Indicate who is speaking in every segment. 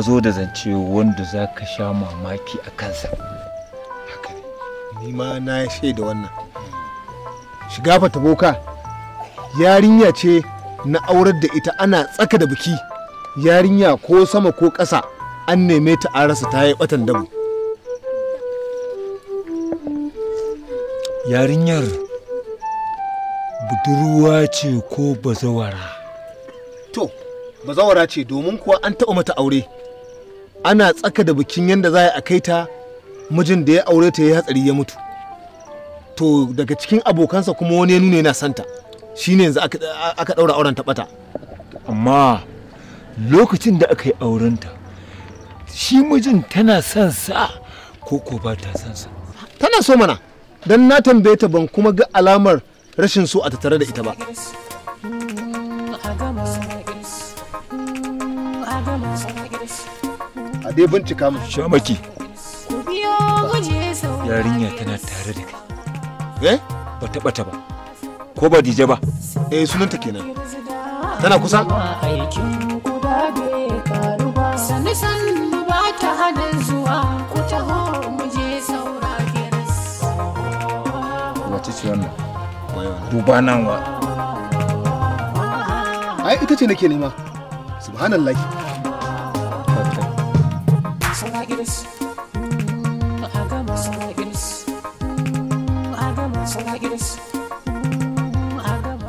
Speaker 1: zo da zance wanda za ka sha mamaki a kansa haka ne ni ma na shaida wannan shiga fata boka yarinya ce na aurar da ita ana tsaka da biki yarinya ko sama ko ƙasa an neme ta an rasa ta yi batan dabu yarinyar budurwa ce
Speaker 2: ko bazawara
Speaker 1: to bazawara ce domin kuwa an taɓa mata aure ana tsaka da bikin yadda za a kai ta mijin da ya aure ta ya hatsari ya mutu to daga cikin abokansa kuma wani ya nuna yana santa ne yanzu aka ɗaura auren ta bata amma lokacin da aka yi aurenta shi mijin tana son sa ko ko ba ta son sa tana so mana don na tambaye ta ban kuma ga alamar rashin so a tattare da ita ba dai bincika mu shamaki yarinya tana tare da kai eh ba ta bata ba ko ba dije ba eh sunanta
Speaker 3: kenan tana kusa sani san ba ta hada zuwa ku taho mu je saurare
Speaker 1: wace ce wannan duba nan wa ai ita ce nake nema subhanallahi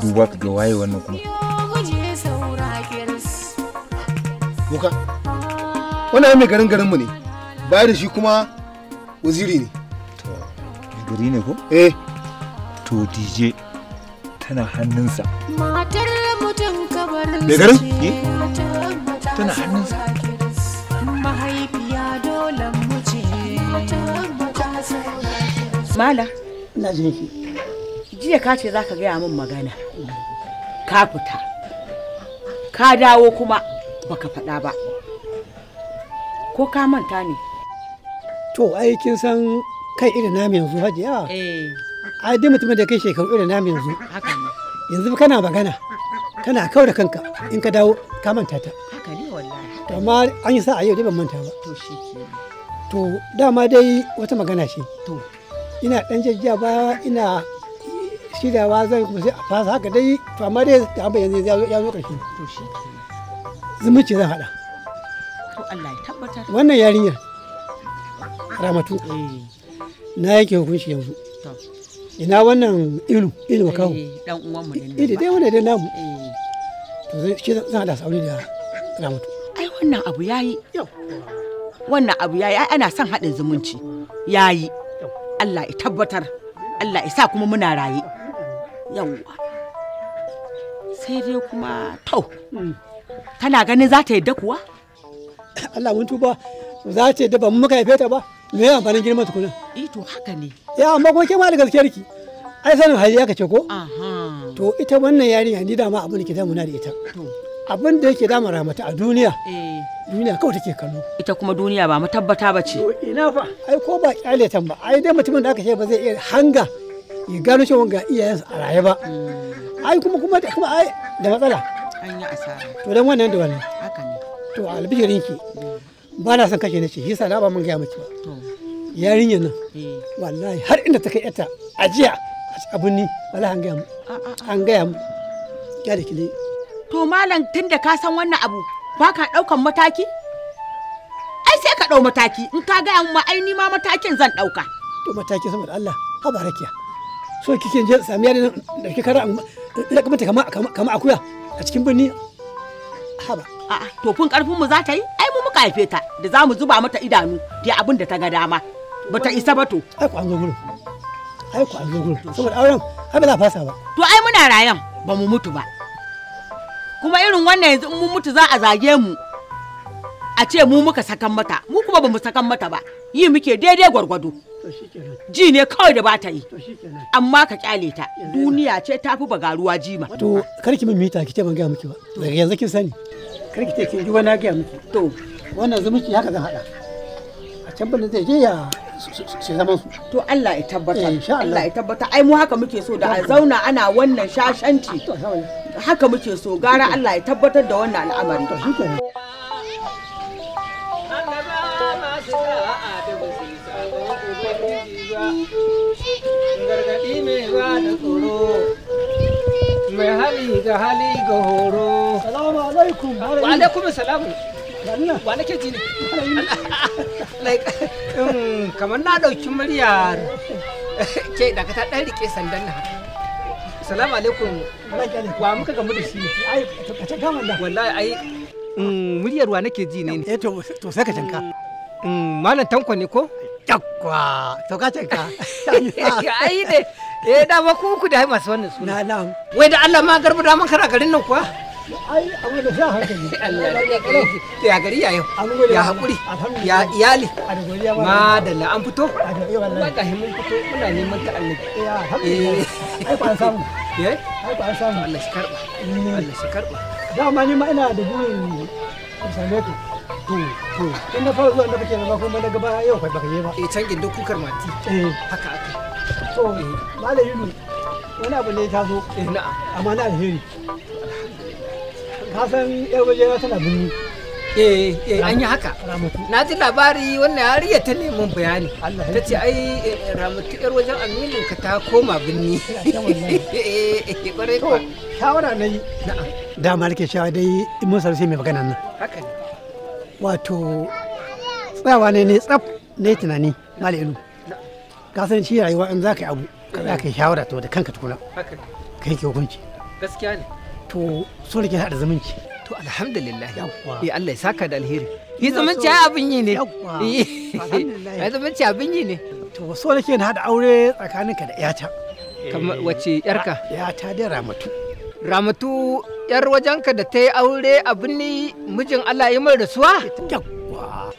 Speaker 2: duba ka ga waye wannan kuma
Speaker 1: kuka wannan mai garin garinmu ne bayan da shi kuma waziri ne to gari ne ko eh to dj tana hannunsa
Speaker 3: matar mutum kabar mai garin eh. tana hannunsa mahaifiya dole mu ce
Speaker 4: mala ina jin ki jiya ka ce zaka gaya min magana ka fita ka dawo kuma baka faɗa ba ko ka manta ne to ai kin san kai irin namu yanzu
Speaker 5: hajiya eh ai dai mutum da kai shekaru irin namu yanzu haka ne yanzu kana magana kana kawo da kanka in ka dawo ka manta ta haka ne wallahi amma an yi a yau dai ban manta ba to shi ke to dama dai wata magana ce to ina ɗan jajja ba ina shidawa, zan kuma a fasa haka dai to amma dai ta amma yanzu ya zo shi. zumunci zan haɗa
Speaker 4: wannan yarinyar
Speaker 5: ramatu eh. na yanke hukunci yanzu ina wannan ilu ilu wa kawo ilu dai wannan dai namu eh.
Speaker 4: to shi zan haɗa sauri da ramatu ai wannan abu yayi wannan abu yayi ai ana son haɗin zumunci yayi Allah ya tabbatar Allah ya sa kuma muna raye yawwa sai dai kuma to kana ganin za ta yadda kuwa Allah
Speaker 5: mun tuba za ta yadda ba muka haife ta ba me ya amfanin girma tukuna
Speaker 4: eh to haka ne
Speaker 5: ya amma ko ke ma da gaskiyar ki ai sanin hali ya kace ko to ita wannan yarinya ni da ma abin da ke zamuna da ita abin da yake dama mata a duniya eh. duniya kawai take kallo ita kuma duniya ba tabbata ba ce ina fa ai ko ba kyaletan ba ai dai mutumin da aka ce ba zai iya hanga ya gano shi ga iyayensa a raye ba hmm. ai kuma kuma kuma ai da matsala
Speaker 6: an yi asara
Speaker 5: to dan wannan da wannan haka ne to albishirin ki ba na son kashe nace shi yasa na ba mun ga miki ba yarinyar nan eh. wallahi har inda ta kai yata ajiya a abun ni wallahi an gaya mu an gaya mu ya da ki
Speaker 4: To malam tunda ka san wannan abu ba ka ɗaukan mataki? Ai sai ka ɗau mataki in ka gaya ma ai ni ma matakin zan ɗauka. To mataki saboda Allah
Speaker 5: ha barakiya. So kike je samiya da da kike kara da kamata kama kama
Speaker 4: akuya a cikin birni. Haba. A'a to fun karfin mu za ta yi? Ai mu muka haife ta da za mu zuba mata idanu da abin da ta ga dama. Ba ta isa ba to. Ai ku an zo gurin. Ai ku an zo gurin. Saboda auren ai ba za fasa ba. To ai muna rayan ba mu mutu ba. kuma irin wannan yanzu in mun mutu za a zage mu a ce mu muka sakan mata mu kuma ba mu sakan mata ba yi muke daidai gwargwado ji ne kawai da bata yi amma ka kyale ta duniya ce ta fi bagaruwa ma to karki min mita ki ce ban ga miki ba daga yanzu kin sani ki ce ki ji wani ga miki to wannan zumunci haka zan hada a can ban zai je ya shi zaman su to Allah ya tabbata eh, Allah ya tabbata ai mu haka muke so da a zauna ana wannan shashanci haka muke so gara Allah ya tabbatar da wannan al'amari gargaɗi mai
Speaker 7: ba da tsoro mai hali ga hali ga horo salamu alaikum wa alaikum salamu wa nake ji ne um, kamar na ɗauki muryar ke daga ta ɗan rike sandan na salamu alaikum wa muka gamu da shi ai ka ta gama da wallahi ai um, muryar wa nake ji ne eh to to sai ka canka um, malam tanko ne ko yakwa to ka canka ai ne eh dama ku ku da masu wannan suna wai da Allah ma garba da man kara garin nan kuwa ai amma da sa hankali ya gari ya yau, ya haƙuri, ya iyali ma da la an fito ba ga mun fito muna neman ta Allah
Speaker 8: eh ba
Speaker 5: samu
Speaker 7: eh ai samu Allah shi karba
Speaker 5: Allah shi karba dama ni ma ina da burin same ku to to in na fara zuwa da kake ba kuma na gaba yau kai baka yi ba eh can gindin kukar mati haka haka to malamin wani abu ne ya taso eh na'am amma na alheri
Speaker 7: san yar gajera tana birni eh
Speaker 5: eh an yi haka
Speaker 7: na ji labari wannan yariya ta neman bayani ta ce ai eh, ramatu yar wajen aminin ka ta koma birni eh, to shawara na yi
Speaker 5: da nake shawara dai mun sarse mai magana nan haka ne wato tsayawa ne ne tsaf ne tunani malinu ka san shi rayuwa in za ka yi abu ka za ka yi shawara to da kanka tukuna kai ke hukunci
Speaker 7: gaskiya ne to so da ke zumunci to alhamdulillah eh Allah ya saka da alheri yi zumunci ai abin yi ne yi eh. zumunci abin yi ne to so da ke da aure tsakaninka da yata wace yarka yata da ramatu ramatu yar wajenka da ta yi aure abin ni mijin Allah ya mai da suwa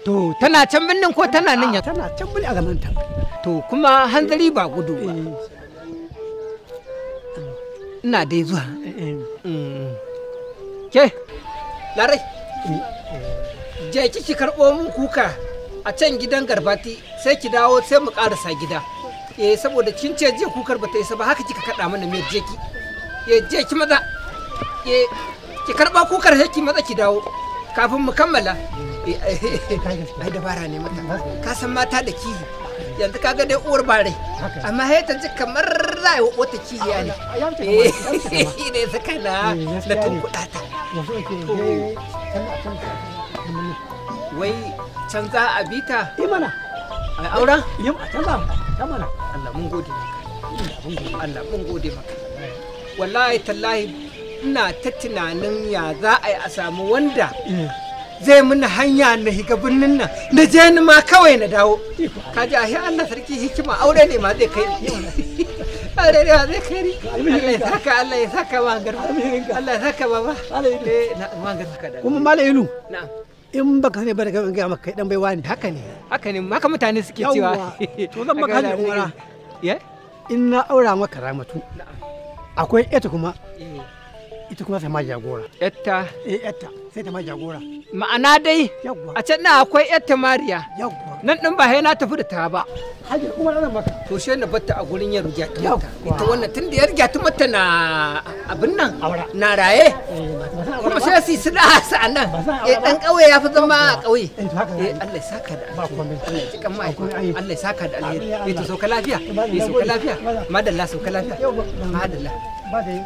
Speaker 7: to tana can binnin ko tana nan ya tana can binnin a zamanta to kuma hanzari ba gudu ba eh. ina dai zuwa ke larai je ki karɓo mun kuka a can gidan garbati sai ki dawo sai mu ƙarasa gida eh saboda kin ce je kukar ba ta isa ba haka kika kaɗa mana mai je ki eh je ki maza eh ki karɓa kukar sai ki maza ki dawo kafin mu kammala eh, eh, eh, ai dabara ne mata ka san mata da kihi yanzu kaga dai uwar bare amma sai ta ji kamar rayuwa wata kiyaye ne ah, eh ne saka na eh, na tunkuɗa ta wai can za a bi ta imana eh, a aura eh, yi a can za ta mana Allah mun gode maka Allah mun gode maka wallahi tallahi ina ta tunanin ya za a yi a samu wanda zai mini hanya na higa birnin nan na je ni ma kawai na dawo ka ji ahi na sarki hikima aure ne ma zai kai ni aure ne ma zai kai ni Allah ya saka Allah ya saka garba Allah ya saka baba eh, na mangar saka da kuma mala ilu na'am
Speaker 5: in baka sani ba da ga maka dan bai wani haka ne
Speaker 7: haka ne haka mutane suke cewa to zan maka hanyar umara ya
Speaker 5: in na aura maka ramatu akwai ita kuma eh. ita kuma
Speaker 7: sai ma jagora ita eh ita sai ta ma jagora ma'ana dai a can na akwai yar tamariya nan din ba hai na tafi da ta ba haje kuma nan maka to sai na batta a gurin yar rugiya ta ita wannan tunda yar rugiya ta mata na abin nan na raye eh,
Speaker 3: kuma sai su su da
Speaker 7: sa nan eh dan kauye ya fi zama a kauye eh, eh Allah ya saka da Allah ya cika mai Allah ya saka da alheri eh to sauka lafiya eh sauka lafiya madalla sauka lafiya madalla ba da yi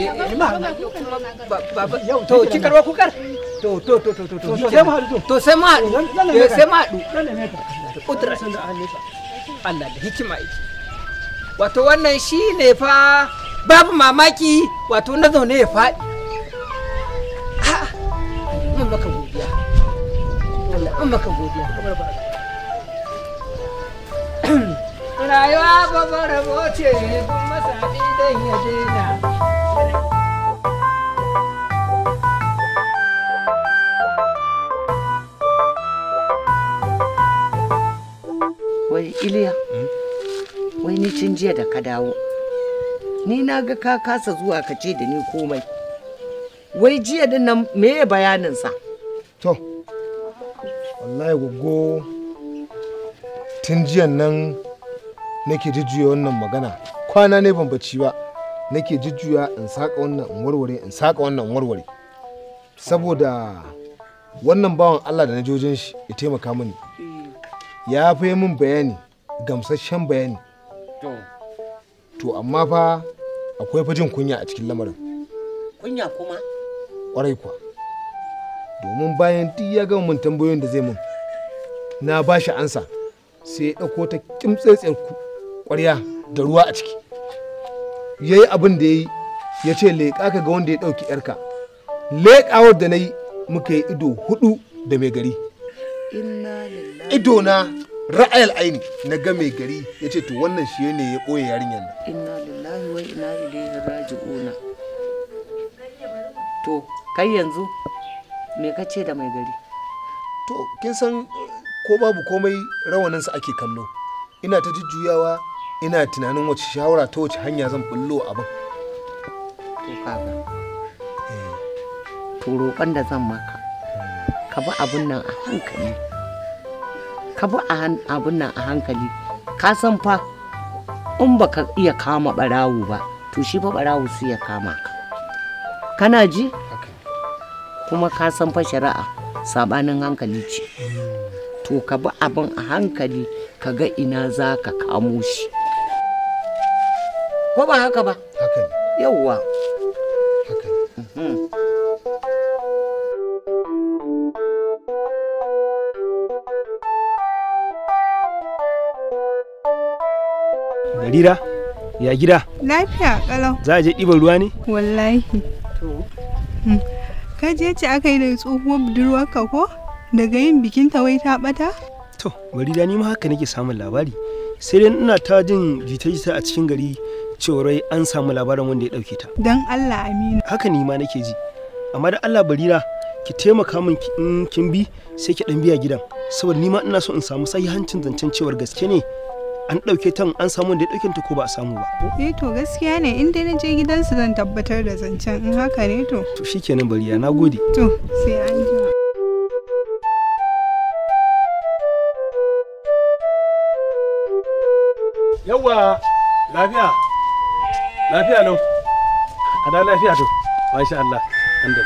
Speaker 7: eh ma eh. ba ba to kin karwa kukar to to to to to to sai mu haɗu to sai mu haɗu eh, sai mu haɗu kudura Allah da hikima yake wato wannan ne fa babu mamaki wato na zaune ya faɗi
Speaker 8: a'a mun maka godiya Allah mun maka godiya kamar ba
Speaker 7: rayuwa babbar rabo ce kuma sami ya daina
Speaker 4: Iliya, hmm? wai ni cin jiya da ka dawo. Ni na ga ka kasa zuwa ka ce da ni komai. Wai jiya din nan meye bayaninsa?
Speaker 1: To, wallahi gugu tun jiyan nan nake jujjuya wannan magana. Kwana ne ban bacci ba. Nake jujjuya in saka wannan in warware in saka wannan warware. Saboda wannan bawan Allah da na jojin shi ya taimaka mini. ya fi min bayani gamsasshen bayani to amma fa akwai fajin kunya a cikin lamarin kunya kuma ƙwarai kuwa domin bayan duk ya gama mun tambayoyin da zai mun na ba shi ansa sai ya ɗauko ta kimtsatsiyar ƙwarya da ruwa a ciki ya yi abin da ya yi ya ce leƙa ka ga wanda ya ɗauki yarka leƙawar da na yi muka yi ido hudu da mai gari ido na ra'ayal aini na ga mai gari ya ce to wannan shi ne ya ɓoye yarinyar nan inna lillahi wa inna ilaihi raji'una to kai yanzu me ka ce da mai gari to kin san ko babu komai rawaninsa ake kallo ina ta jujjuyawa ina tunanin wace shawara ta wace hanya zan bullo abin to kaga eh. to roƙon da zan maka ka bi abin nan a hankali
Speaker 4: ka bi a abin nan a hankali ka san fa in baka iya kama barawo ba to shi fa barawo su ya kama ka kana ji kuma ka san fa shari'a sabanin hankali ce to ka bi abin a hankali ka ga ina za ka kamo shi ko ba haka ba yauwa
Speaker 1: Harira,
Speaker 9: ya gida?
Speaker 10: Lafiya kalau.
Speaker 1: Za a je ɗiba ruwa ne?
Speaker 10: Wallahi. Hmm. Ka je ce aka yi da tsohuwar budurwarka ko? Daga yin bikin ta wai ta ɓata?
Speaker 1: To, bari ni ma haka nake samun labari. Sai dai ina ta jin jita-jita a cikin gari cewar an samu labarin wanda ya ɗauke ta.
Speaker 10: Don Allah amina.
Speaker 1: Haka ni ma nake ji. Amma da Allah barira ki taimaka min in kin bi sai ki dan biya gidan saboda ni ma ina so in samu sahihancin zancen cewar gaske ne an ɗauke tan an samu da ya ɗauke ta
Speaker 6: ko ba a samu ba.
Speaker 10: Eh to gaskiya ne in dai na je gidansu zan tabbatar da zancen in haka ne to.
Speaker 6: To shikenan bariya na gode.
Speaker 10: To sai an ji.
Speaker 1: Yawwa lafiya lafiya lau a lafiya to masha Allah an da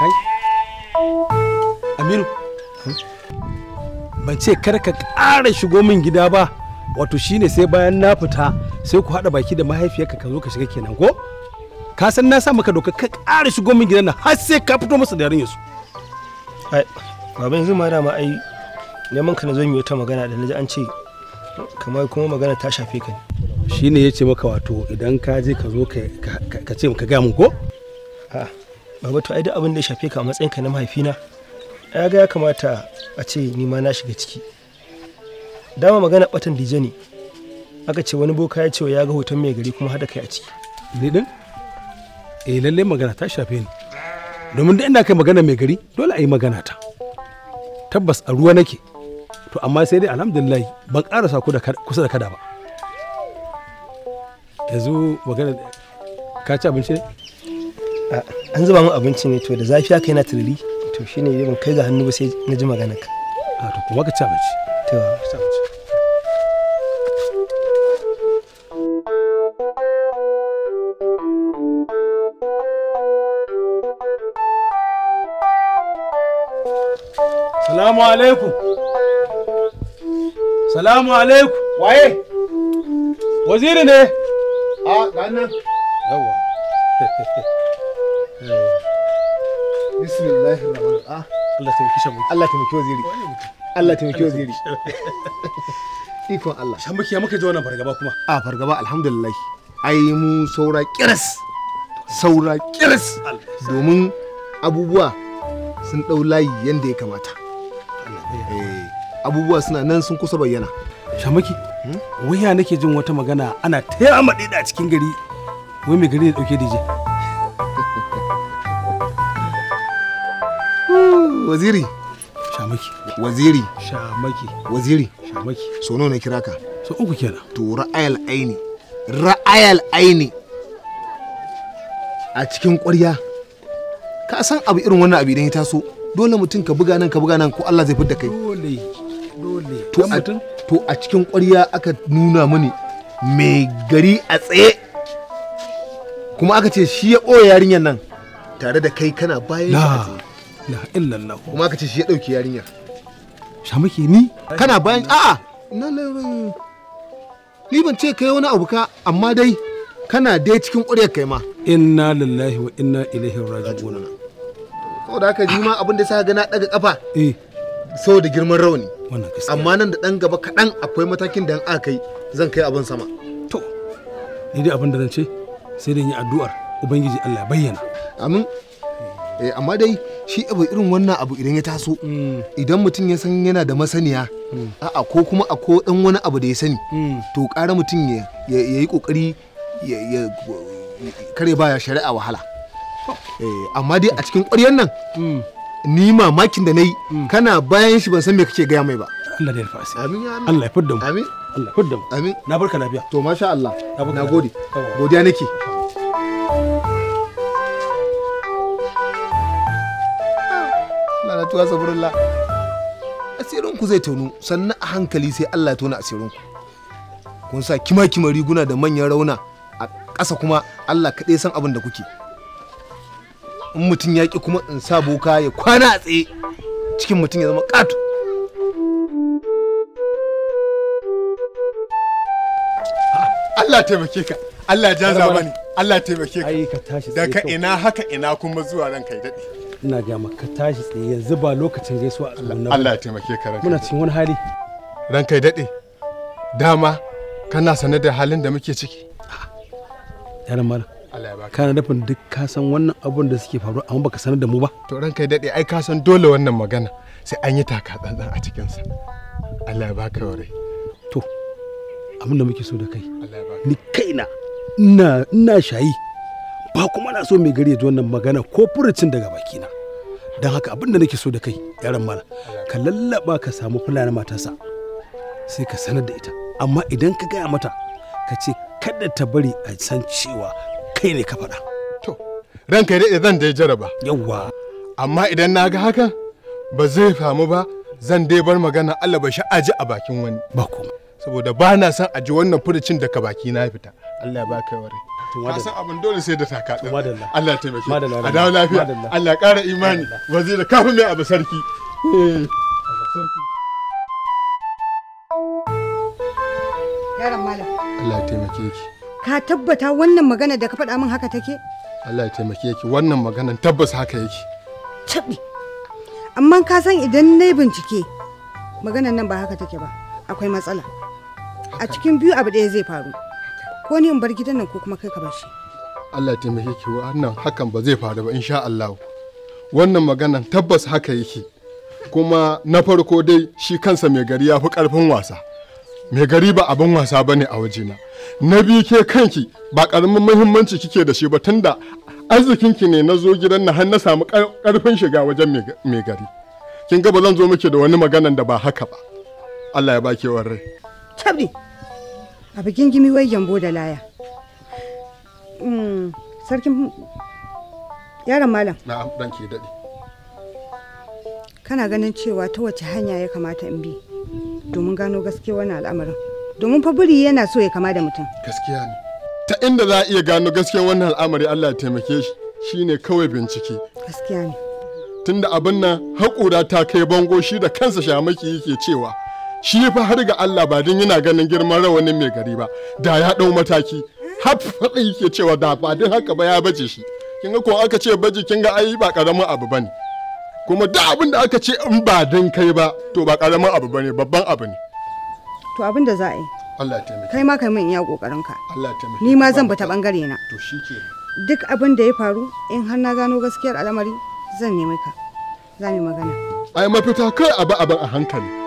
Speaker 1: kai ban ce kar ka ƙara shigo min gida ba wato shine sai bayan na fita sai ku haɗa baki da mahaifiyarka ka zo ka shiga kenan ko ka san na sa maka doka ka ƙara shigo min gidan nan har sai ka fito masa da yarinyar su ai baba yanzu ma dama ai neman ka na zo yi ta magana da naji an ce kamar kuma magana ta shafe ka ne shine yace maka wato idan ka je ka zo ka ce ka ga mun ko a'a baba to ai duk abin da ya shafe ka a matsayin ka na mahaifina ya ga ya kamata a ce ni ma na shiga ciki dama magana batan dije ne aka ce wani boka ya ce ya ga hoton mai gari kuma hada kai a ciki ni din eh lalle magana ta shafe ni domin da ina kai magana mai gari dole a yi magana ta tabbas a ruwa nake to amma sai dai alhamdulillah ban karasa kusa da kada ba yanzu magana ka ci abinci ne. an zuba mu abinci ne to da zafi aka yana tururi to ne ban kai ga hannu ba sai na ji magana ka a to kuma ka ci abinci ci Salamu alaikum. Salamu alaikum. Waye? Waziri ne? A, ah, ganin. Yawwa. bismillahir rahmanir rahim ah. Allah ta miki shamuki Allah ta miki waziri Allah ta miki waziri ikon Allah shamuki ya muka ji wannan fargaba kuma a fargaba alhamdulillah ai mu saura kiras saura kiras domin abubuwa sun dau layi yanda ya kamata eh, abubuwa suna nan sun kusa bayyana shamaki hmm? waya nake jin wata magana ana ta yama a cikin gari wai mai gari da dauke dije waziri shamaki waziri shamaki waziri shamaki so nuna kira ka so uku kenan to ra'ayal aini ra'ayal aini a cikin ƙwarya ka san abu irin wannan abu idan ya taso dole mutum ka buga nan ka buga nan ko Allah zai fidda kai dole dole to a to a cikin ƙwarya aka nuna mini mai gari a tsaye kuma aka ce shi ya ɓoye yarinyar nan tare da kai kana bayan shi a tsaye kuma ka ce shi ya dauke yarinyar shamake ni kana bayan na ce kai wani abu ka amma dai kana dai cikin ƙuryar kai ma inna lillahi wa inna ilaihi raji'un da haka ji ma abin da sa ga na daga kafa eh da girman rauni amma nan da dan gaba kaɗan akwai matakin da an aka kai zan kai abin sama to ni dai abin da zan ce sai dai yi addu'ar ubangiji Allah bayyana amin eh amma dai shi abu irin wannan abu idan ya taso idan mutum ya san yana da masaniya a ko kuma a ko dan wani abu da ya sani to ƙara mutum ya yi kokari ya kare baya shari'a wahala eh, amma dai a cikin ƙwaryan nan ni mamakin da na yi kana bayan shi ban san me kake gaya mai ba Allah da amin ya Allah ya fudda mu amin Allah ya fudda mu amin na barka lafiya to masha Allah na gode godiya nake salatu wa saburullah asirinku zai taunu sannan a hankali sai Allah ya tona asirinku kun sa kima kima riguna da manyan rauna a ƙasa kuma Allah kaɗai san abin da kuke in mutum ya ƙi kuma in sa boka ya kwana a tsaye cikin mutum ya zama ƙato Allah taimake ka Allah jaza bane Allah taimake ka da ka ina haka ina kuma zuwa ranka ya daɗe ina ga maka tashi tsaye yanzu ba lokacin gaisuwa a Allah ya taimake ka muna cikin wani hali ran kai dade dama kana sane da halin da muke ciki yaran mara kana nufin duk ka san wannan abun da suke faruwa amma baka sanar da mu ba to ran kai dade ai ka san dole wannan magana sai an yi taka tsantsan a cikin sa Allah ya baka yore to abin da muke so da kai ni kaina ina ina shayi ba kuma na so mai gari ya ji wannan magana ko furucin daga bakina don haka abin da nake so da kai yaran mala ka lallaba ka samu fulani matasa sai ka sanar da ita amma idan ka gaya mata ka ce kada ta bari a san cewa kai ne ka faɗa to ranka dai zan dai jaraba yawa amma idan na ga haka ba zai famu ba zan dai bar magana Allah ba shi aji a bakin wani ba saboda ba na son aji wannan furucin daga baki na fita Allah ya baka wari ka san abin dole sai da taka din Allah ya taimake a dawo lafiya Allah ya ƙara imani wazira kafin mai abu sarki yaran malam Allah ya taimake ki
Speaker 9: ka tabbata wannan magana da ka faɗa min haka take
Speaker 1: Allah ya taimake ki wannan maganan tabbas haka yake
Speaker 9: tabi amma ka san idan na bincike maganan nan ba haka take ba akwai matsala a cikin biyu abu ɗaya zai faru ko ni in bar gidan nan ko kuma kai ka bar shi
Speaker 1: Allah ya taimake ki wannan hakan ba zai faru ba insha Allah wannan maganan tabbas haka yake kuma na farko dai shi kansa mai gari ya fi karfin wasa mai gari ba abin wasa ba ne a waje na na biyu ke kanki ba karamin muhimmanci kike da shi ba tunda ki ne na zo gidan na har na samu karfin shiga wajen mai gari kin ga ba zan zo miki da wani maganan da ba haka ba Allah ya baki warai
Speaker 9: rai a bikin gimi wai gyambo da laya hmm, sarkin yaron malam
Speaker 1: na'am dan ke dade
Speaker 9: kana ganin cewa ta wace hanya ya kamata in bi domin gano gaskiya wani al'amarin domin fa buri yana so ya kama da mutum gaskiya
Speaker 1: ne ta inda za a iya gano gaske wannan al'amari Allah ya taimake shi shine kawai bincike gaskiya ne tunda abin nan haƙura ta kai bango shi da kansa shamaki yake cewa shi fa har ga Allah ba don yana ganin girman rawanin mai gari ba da ya ɗau mataki har faɗa yake cewa da ba din haka ba ya baje shi kin ga ko aka ce baje kin ga ai ba karamin abu bane kuma duk abin da aka ce in ba din kai ba to ba karamin abu bane babban abu ne
Speaker 9: to abin da za a yi Allah taimake kai ma kai min iya kokarin ka Allah taimake ni ma zan bata bangare na to shike duk abin da ya faru in har na gano gaskiyar al'amari zan nemi ka za mu magana
Speaker 1: ai mafita kai abu abin a hankali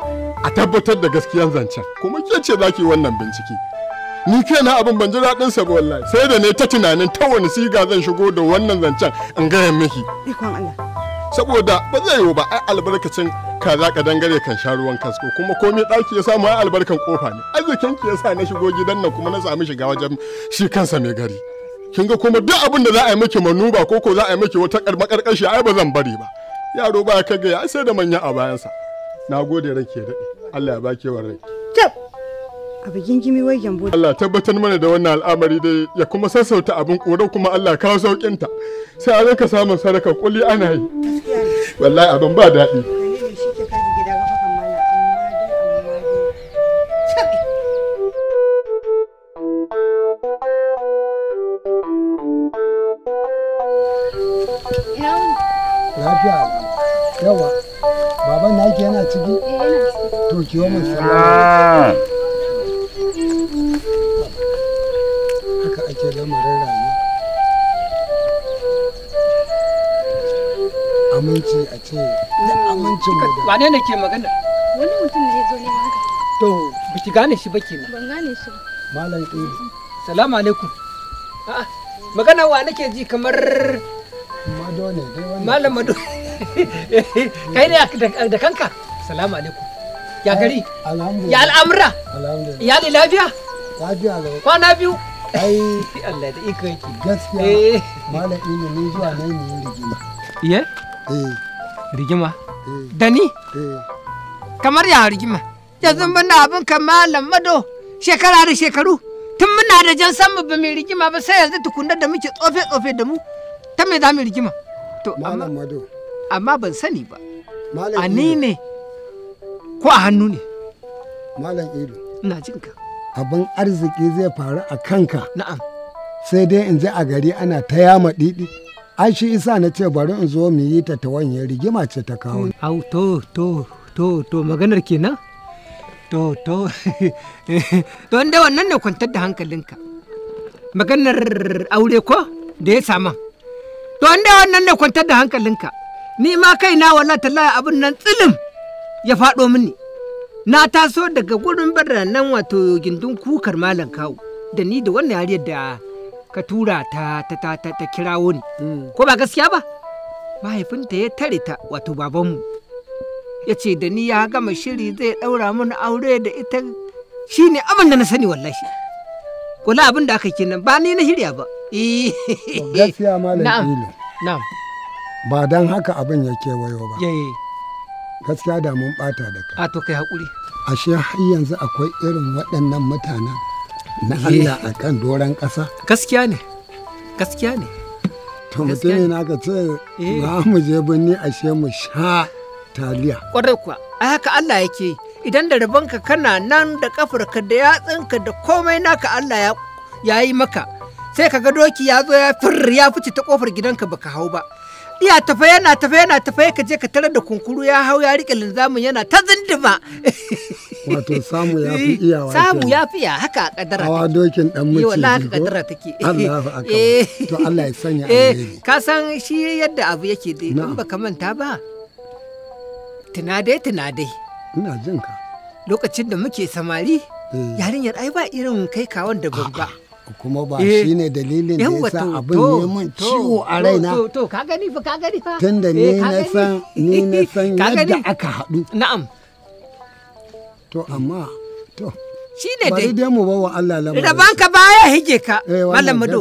Speaker 1: a tabbatar da gaskiyan zancen kuma ke ce za wannan bincike ni ke na abin ban ji daɗin sa ba wallahi sai da ne ta tunanin ta wani siga zan shigo da wannan zancen in gaya miki saboda ba zai yiwu ba ai albarkacin kaza ka dangare kan sha ruwan kasko kuma komai ɗaki ya samu ai albarkan kofa ne arzikin ki yasa na shigo gidan nan kuma na sami shiga wajen shi kansa mai gari kin ga kuma duk abin da za a yi miki manuba ko ko za a yi miki wata karmakarkashi ai ba zan bari ba yaro ba ka ga ya sai da manyan a bayansa na gode ranke daɗe Allah ya ke warai. rai a bikin gimi wai gyambo Allah tabbatar mana da wannan al'amari dai ya kuma sassauta abin ƙorar kuma Allah kawo saukin ta sai an ka samun sadaka kulli ana yi wallahi abin ba daɗi
Speaker 3: Yeah. lafiya na
Speaker 2: yawa baban naki yana ciki
Speaker 3: to kiwo ah.
Speaker 2: haka ake lamarin rayuwa aminci a ce mu da
Speaker 7: wane ne ke magana wani mutum ne ya zo to gane shi ba ban gane shi malam ɗaya salamu alaikum a'a magana wa nake ji kamar mado ne dai wannan malam mado kai ne da kanka salamu alaikum ya gari ya al'amura
Speaker 2: ya ne lafiya lafiya ga kwana biyu ai Allah da iko yake gaskiya eh. malam ina ni zuwa ne ne rigima
Speaker 7: iye eh. rigima eh. dani kamar ya rigima yanzu muna abin kamar malam mado shekara da shekaru tun muna da jan samu ba mai rigima ba sai yanzu tukunna da muke tsofe-tsofe da mu ta me za mu rigima To, amma
Speaker 2: ban sani ba. A ni ne ko a hannu ne. Malam Ido. Ina jin ka. Abin arziki zai faru a kanka. Na'am. Sai dai in je a gari ana ta yama ɗiɗi. Ai shi isa na ce bari in zo mu yi ta tawanya wanye rigima ce ta kawo. Mm.
Speaker 7: Au to to to to maganar kenan? To to to inda wannan ne kwantar da hankalinka. Maganar aure ko da ya sama. to inda wannan ne kwantar da hankalinka ni ma kaina wallahi tallahi abin nan tsilim ya faɗo mini na taso daga gurin barra nan wato gindin kukar malam kawo da ni da wannan yariyar da ka tura ta ta ta ta, ta kirawo ni mm. ko ba gaskiya ba mahaifinta ya tare ta wato babanmu ya ce da ni ya gama shiri zai ɗaura mun aure da ita shine abin da na sani wallahi kula abin da aka nan ba ni na shirya ba gaskiya malam na'am
Speaker 2: ba dan haka abin ya kewayo ba gaskiya da mun bata da ka.
Speaker 7: a to kai hakuri
Speaker 2: ashe har yanzu akwai irin waɗannan mutanen na Allah a kan doron ƙasa gaskiya ne gaskiya ne to mutumin ka ce za mu je birni ashe mu sha taliya
Speaker 7: kwarai kuwa ai haka Allah yake yi idan da rabonka kana nan da kafarka da yatsinka da komai naka Allah ya yi maka sai ka ga doki ya zo ya fir ya fice ta kofar gidanka baka hau ba iya tafe yana tafe yana tafe ka je ka tarar da kunkuru ya hau ya rike linzamin yana ta zindima
Speaker 2: wato samu ya fi eh, iya wa samu ya
Speaker 7: fi haka kadara hawa
Speaker 2: dokin dan miciji wallahi haka kadara take Allahu akbar eh. to Allah ya sanya eh, alheri
Speaker 7: ka san shi yadda abu yake dai in baka manta ba tunadai tunadai ina jin ka lokacin da muke samari eh. yarinyar ai ba irin kai kawon da babba kuma ba eh. shi ne
Speaker 2: dalilin da ya sa abin neman ciwo a raina
Speaker 7: to ka gani fa ka gani fa tunda eh, ni na san
Speaker 2: ni na san yadda aka haɗu na'am to amma to shi ne dai bari dai mu ba wa Allah lamarin da
Speaker 7: banka baya hige ka eh, mallam mado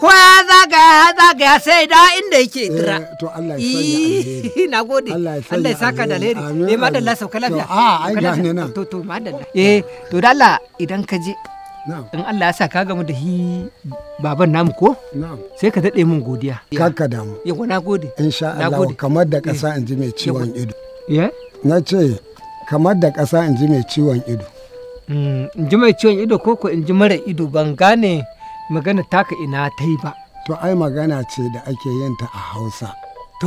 Speaker 7: ko ya zaga ya zaga ya sai da inda yake dira eh, to Allah ya sanya na gode Allah ya saka da alheri eh madalla sauka lafiya a ah, ai ga ne na to to madalla eh. eh to da Allah idan ka je in Allah ya sa ka gamu da hi
Speaker 2: baban namu ko sai ka daɗe min godiya kakka damu yau na gode insha Allah kamar da kasa in ji mai ciwon ido na ce kamar da kasa in ji mai ciwon ido Mm, in ji mai ciwon ido ko in ji mara ido ban gane magana taka ina ta yi ba to ai magana ce da ake yin ta a hausa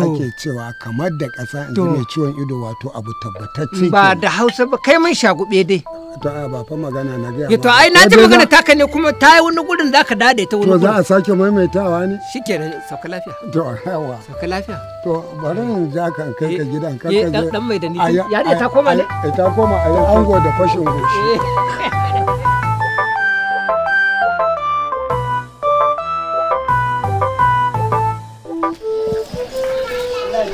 Speaker 2: ake cewa kamar da ƙasa in mai ciwon ido wato abu tabbatacce ba da
Speaker 7: hausa ba kai man shagube dai
Speaker 2: to a ba fa magana na ga eh, to ai na ji magana
Speaker 7: taka ne kuma ta yi wani gudun da aka dade ta wani to za a
Speaker 2: sake maimaitawa ne shikenan sauka lafiya to yawa sauka lafiya to bari in ja ka kai ka eh, gidan eh, ka ka dan mai da ni ya ta koma ne ta koma a yi ango da fashin
Speaker 7: goshi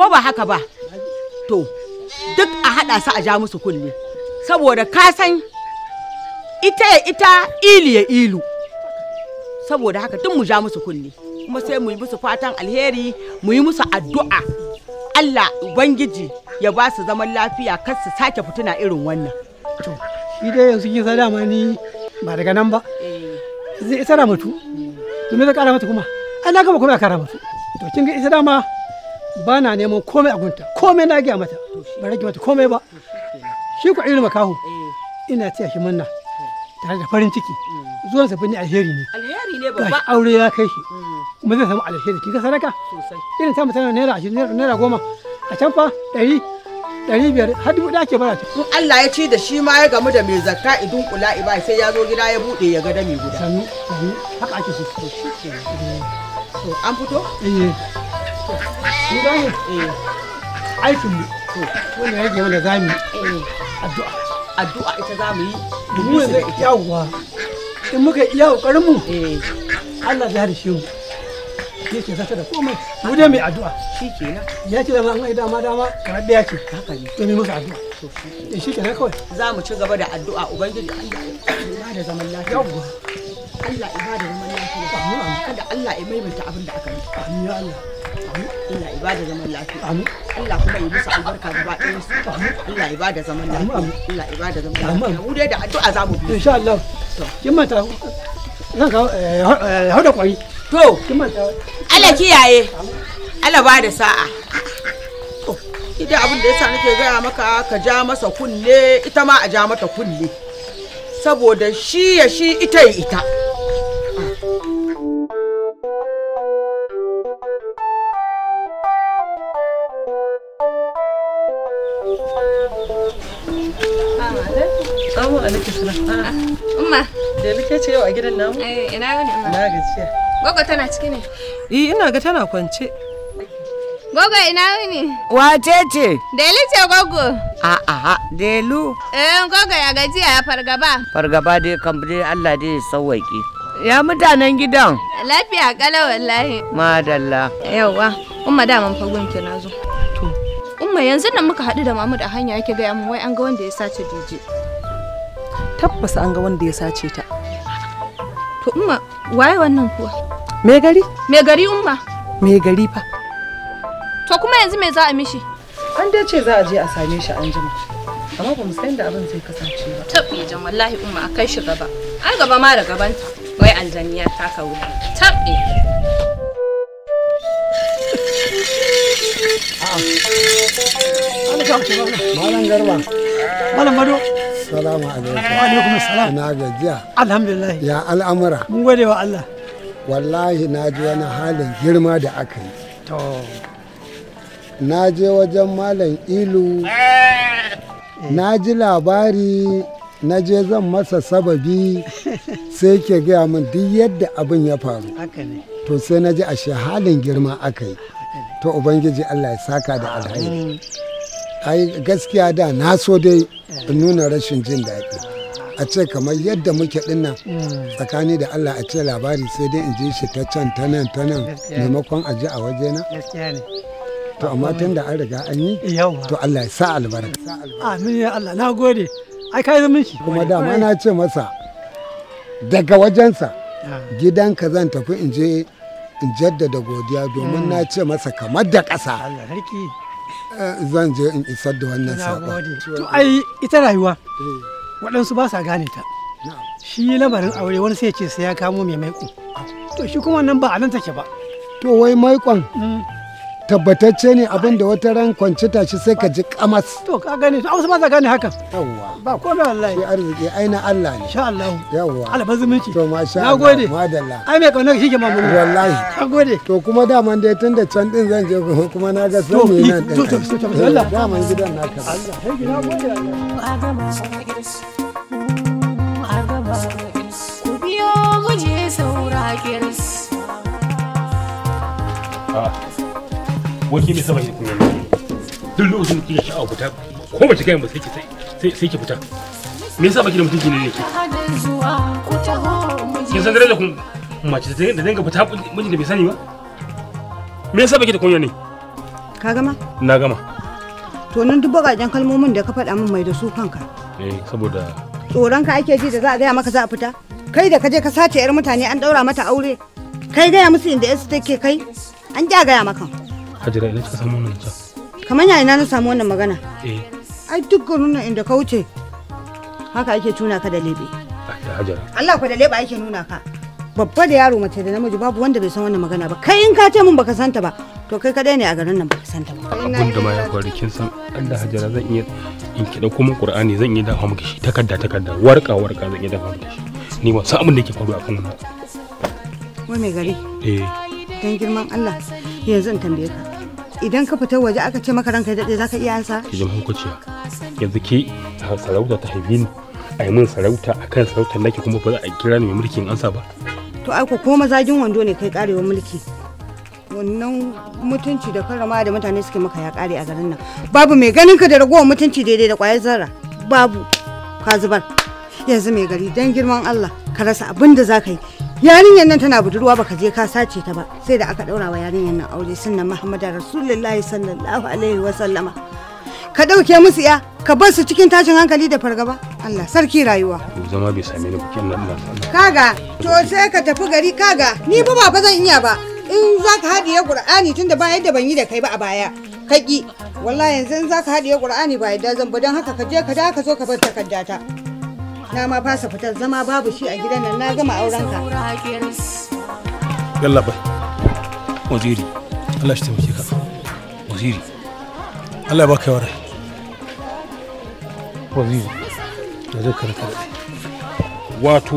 Speaker 4: ko ba haka ba to duk a haɗa su a ja musu kunne saboda ka san ita ya ita ili ya ilu saboda haka duk mu ja musu kunne kuma sai mu yi musu fatan alheri mu yi musu addu'a Allah ubangiji ya ba su zaman lafiya kar su sake fituna irin wannan to shi dai yanzu kin sa dama ni ba daga nan ba eh.
Speaker 5: zai isa da mutu domin hmm. zai kara mata kuma ai na gaba kuma ya kara mutu to kin ga isa dama ba na neman komai a gunta komai na gaya mata ba rage mata komai ba shi ku irin makaho eh. ina taya shi manna tare da farin ciki mm. zuwan sa ni alheri ne
Speaker 4: alheri ne babba aure ya kai shi mm.
Speaker 5: kuma zai samu alheri kika sadaka irin ta tana
Speaker 4: naira 20 naira goma a can fa 100 ɗari biyar har dubu ɗaya ke bara ta. In Allah ya ci da shi ma ya gamu da mai zakka idun kula iba sai ya zo gida ya buɗe ya ga dami guda. Sannu, sannu, haka ake so. An fito? Eh. mun
Speaker 5: gane eh. aikin mu wanda ya ke mana zami eh.
Speaker 4: addu'a addu'a ita za mu yi mu iya
Speaker 5: yawwa in muka iya kokarin mu eh. Allah ya harshe mu yake zata da komai mu dai mai addu'a shikenan ya ce da mai dama dama karabbe ya ce haka ne to me muka addu'a to shikenan
Speaker 4: kawai za mu ci gaba da addu'a ubangiji Allah ya zaman lafiya yawwa Allah ya ba da zaman lafiya kada Allah ya maimaita abin da aka yi amin ya Allah Allah ya bada zaman lafiya Allah kuma ya musu albarka gaba ɗayan su Allah ya bada zaman lafiya Allah ya bada zaman lafiya mu dai da addu'a za mu bi insha Allah kin manta eh, zan ka eh, hauda eh, kwari to kin manta Allah kiyaye Allah bada sa'a ita abin da yasa nake gaya maka ka ja masa kunne ita ma a ja mata kunne saboda shi ya shi ita ya ita
Speaker 10: gidan namu? Eh, ina wani Na gajiya. Gogo tana ciki ne? Eh, ina ga tana kwance. Gogo ina wani?
Speaker 4: Wace ce?
Speaker 10: Delu ce gogo.
Speaker 4: A'a, Delu.
Speaker 10: Eh, gogo ya gajiya ya fargaba.
Speaker 4: Fargaba dai kan dai Allah dai ya sauwaƙe. Ya mutanen gidan?
Speaker 10: Lafiya kalau wallahi.
Speaker 4: Madalla.
Speaker 10: Yawwa, umma da man fagun ki nazo. To. Umma yanzu nan muka haɗu da Mahmud a hanya yake gaya mu wai an ga wanda ya sace Dije.
Speaker 8: Tabbas an ga wanda ya sace ta.
Speaker 10: To umma waye wannan kuwa? Me gari? Me gari umma? Me gari fa? To kuma yanzu me za a mishi? An dai ce za a je a same shi an jima. Amma ba mu san da abin zai kasance ba. Tabbi jan wallahi umma kai shi gaba. Ai gaba ma da gabanta. Wai aljaniya ta ka wuce. Tabbi. A'a. Malam Garba. Malam
Speaker 2: Mado. Assalamu alaikum. Wa alaikum assalam. Ina gajiya. Alhamdulillah. Ya al'amura. Mun gode wa Allah. Wallahi na ji wani halin girma da aka yi. To. Na je wajen Malam Ilu. Eh. Na ji labari na je zan masa sababi sai ke gaya min duk yadda abin ya faru. To sai na ji ashe halin girma aka yi. To Ubangiji Allah ya saka da alhairi. ai gaskiya da na so dai nuna rashin jin daɗi a ce kamar yadda muke dinnan mm. tsakani da Allah a ce labari sai dai in ji shi ta can ta nan ta nan maimakon a ji a waje na to amma tun da an riga an yi to Allah ya sa albarka amin ya Allah na gode ai kai zaman shi kuma dama na ce masa daga wajensa ah. gidanka zan tafi in je in jaddada godiya domin mm. na ce masa kamar da ƙasa zan je in isar da wannan saƙon.
Speaker 5: To ai ita rayuwa eh. waɗansu ba sa gane ta. Shi lamarin aure wani sai ce sai ya kamo mai
Speaker 2: maiko. Ah. To shi kuma nan ba a nan take ba. To wai maikon mm. tabbatacce ne abin da wata ran kwanci tashi sai ka ji kamas to ka gani to hausa ma za gani haka yawwa ba komai wallahi shi arziki aina Allah ne insha Allah yawwa alba zumunci to masha Allah nagode madalla ai mai kaunar shi ke mamu wallahi nagode to kuma da man dai tun da can din zan je kuma na ga sai mai nan din to to to Allah eh, Da man gidan naka
Speaker 3: Allah sai gida gode Allah a gama sai gidan a ku biyo guje saura kiris Ah.
Speaker 1: wani mai saba shi kunya duk lokacin da kike sha'awa fita ko ba ki gaya ba sai ki sai ki fita me yasa baki da mutunci ne ne kin san darajar kun mace da dinga fita mijin da bai sani ba me yasa baki da kunya ne ka gama na gama
Speaker 9: to nan duk bagajen kalmomin da ka faɗa min mai da su kanka eh saboda tsoron ka ake ji da za a gaya maka za a fita kai da kaje je ka sace yar mutane an daura mata aure kai gaya musu inda yasu take kai an ja gaya maka
Speaker 1: hajira ina kika samu wannan can
Speaker 9: kamar ya ina na samu wannan magana eh ai duk garin nan inda ka wuce haka ake tuna ka da lebe hajira Allah ku da lebe ake nuna ka babba da yaro mace da namiji babu wanda bai san wannan magana ba kai in ka ce min baka santa ba to kai kadai ne a garin nan baka santa ba abin da
Speaker 1: ma ya faru kin san Allah hajira zan iya in kida kuma Qur'ani zan iya dafa miki shi takarda takarda warka warka zan iya dafa miki shi ni ba san abin da ke faru akan wannan wai mai gari eh
Speaker 9: dan girman Allah yanzu in tambaye ka idan ka fita waje aka ce maka ranka daɗe ka iya ansa
Speaker 1: ki zama hukuciya yanzu ke sarauta ta haife ni a yi min sarauta a kan sarautar nake kuma ba za a kira ni mai mulkin ansa ba
Speaker 9: to aiko ko maza mazajin wando ne kai karewa mulki wannan mutunci da karama da mutane suke maka ya kare a garin nan babu mai ganin ka da ragowar mutunci daidai da kwayar zarra babu ka zubar yanzu mai gari don girman allah ka rasa abin da za ka yi yarinyar nan tana budurwa ba ka je ka sace ta ba sai da aka daura wa yarinyar nan aure sunan muhammadu rasulullahi sallallahu alaihi wa sallama ka dauke musu ya ka bar su cikin tashin hankali da fargaba Allah sarki rayuwa
Speaker 1: zama bai same ni bukin nan
Speaker 9: kaga to sai ka tafi gari kaga ni fa ba zan iya ba in zaka hadiye qur'ani tunda ba yadda ban yi da kai ba a baya kaki wallahi yanzu in zaka hadiye qur'ani ba yadda zan ba don haka ka je ka da ka zo ka bar takardata na ma fasa fitar zama babu shi a gidan nan na gama auren ka
Speaker 1: yalla bai waziri Allah shi taimake ka waziri Allah ba kai yawa waziri da zai kare kare wato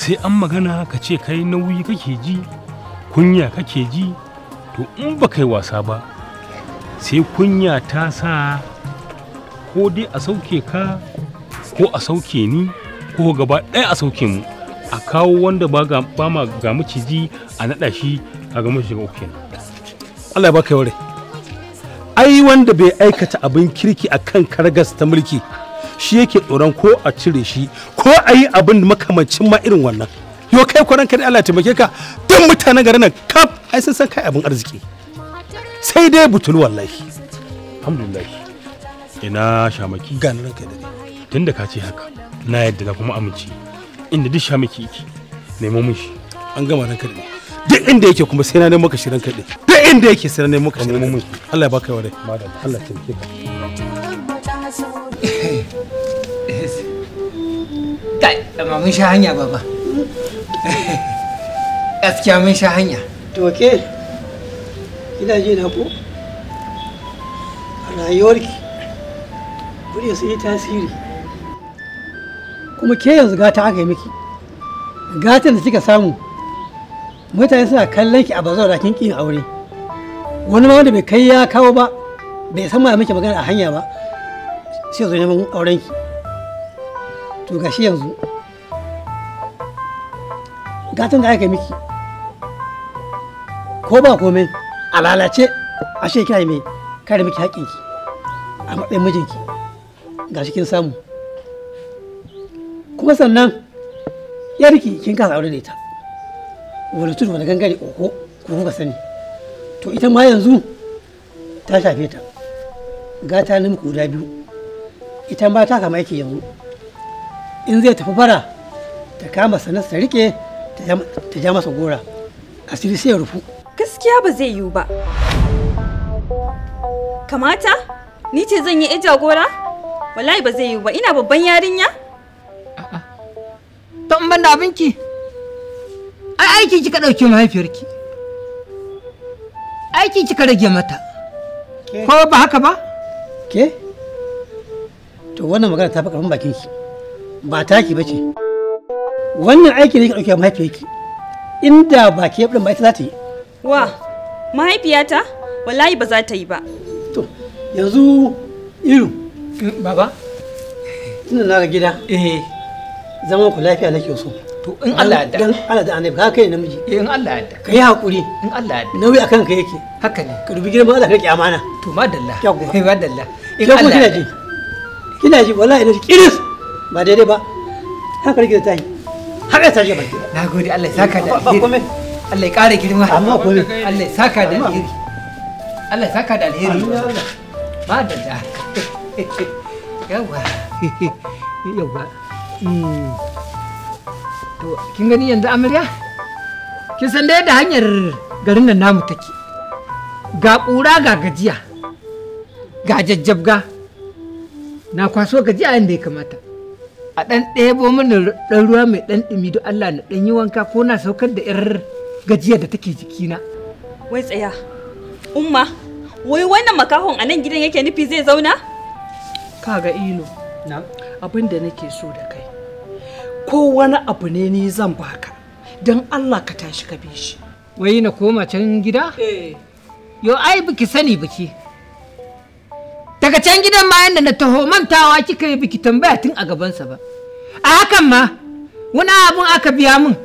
Speaker 1: sai an magana ka ce kai nauyi kake ji kunya kake ji to in ba kai wasa ba sai kunya ta sa ko dai a sauke ka ko a sauke ni ko gaba ɗaya a sauke mu a kawo wanda ba ma ga maciji a naɗa shi a ga mashi uku Allah ya baka yi ai wanda bai aikata abin kirki a kan kargas ta mulki shi yake tsoron ko a cire shi ko a yi abin makamancin ma irin wannan yo kai kwaran kai Allah taimake ka duk mutanen garin nan kaf ai sun san kai abin arziki sai dai butul wallahi alhamdulillah ina shamaki ganin kai da tunda ka ce haka na yadda na kuma amince inda duk sha miki yake nemo mun shi an gama ranka da duk inda yake kuma sai na nemo ka shi ranka da duk inda yake sai na nemo ka shi ranka Allah ya baka yawa dai madalla Allah ya taimake
Speaker 7: ka kai amma mun sha hanya baba gaskiya mun sha hanya to ke
Speaker 5: kina ji na ko rayuwarki kuri su yi tasiri kuma ke yanzu gata aka yi miki gatan da kika samu mutane suna kallon ki a da kin kin aure wani ma wanda bai kai ya kawo ba bai san ma miki magana a hanya ba sai zo neman auren ki to gashi yanzu gatan da aka yi miki ko ba komai a lalace a shekara mai kare miki haƙinki a matsayin mijinki ga kin samu kuma sannan yarki kin kasa aure da ita wani tudu wani gangare oho ko kuka sani to ita ma yanzu ta shafe ta gata nim guda biyu ita ma ta kama yake yanzu in zai tafi fara ta kama sanar ta rike ta ja masa gora asiri sai ya rufu
Speaker 11: gaskiya ba zai yiwu ba kamata ni ce zan yi gora wallahi ba zai yiwu ba ina babban yarinya ban da abinki
Speaker 7: ai aiki kika ɗauke mahaifiyarki aiki kika rage mata ko ba haka ba ke
Speaker 5: to wannan magana ta fi karfin bakin ki ba taki ba ce wannan aiki ne kika ɗauke mahaifiyarki inda ba ke ɗin ba ita za ta yi
Speaker 11: wa mahaifiyata wallahi ba za ta yi ba to yanzu iru baba
Speaker 5: tunda na ga gida eh zaman ku lafiya nake so to in Allah ya dan Allah da annabi ka kai namiji eh in Allah ya yarda kai hakuri in Allah ya yarda nauyi akan ka yake haka ne ka rubi girman Allah kake amana to madalla kai eh, madalla in Allah kina ji kina ji wallahi ina kiris ba daidai ba haka rike ta yi haka ta ji ba
Speaker 7: nagode Allah ya saka da alheri Allah ya kare girma amma komai Allah ya saka da alheri Allah ya saka da alheri madalla yawa yawa to kin gani yanzu amarya kin san da hanyar garin nan namu take ga ƙura ga gajiya ga jajjabga na kwaso gajiya yadda ya kamata a ɗan ɗaya ɗebo mana ɗan ruwa mai ɗan ɗumi don Allah na ɗan yi wanka ko na saukar da ƴar gajiya da take jikina.
Speaker 11: Wai tsaya, umma, wai wannan makahon a nan gidan yake nufi zai zauna?
Speaker 8: Ka ga ilo, abin da nake so da kai. ko wani abu ne ni zan baka
Speaker 7: don Allah ka tashi ka bi shi wai na koma can gida eh. yo ai biki sani biki daga can gidan ma yanda na taho mantawa kika yi biki tambaya tun a gabansa ba a hakan ma wani abun aka biya min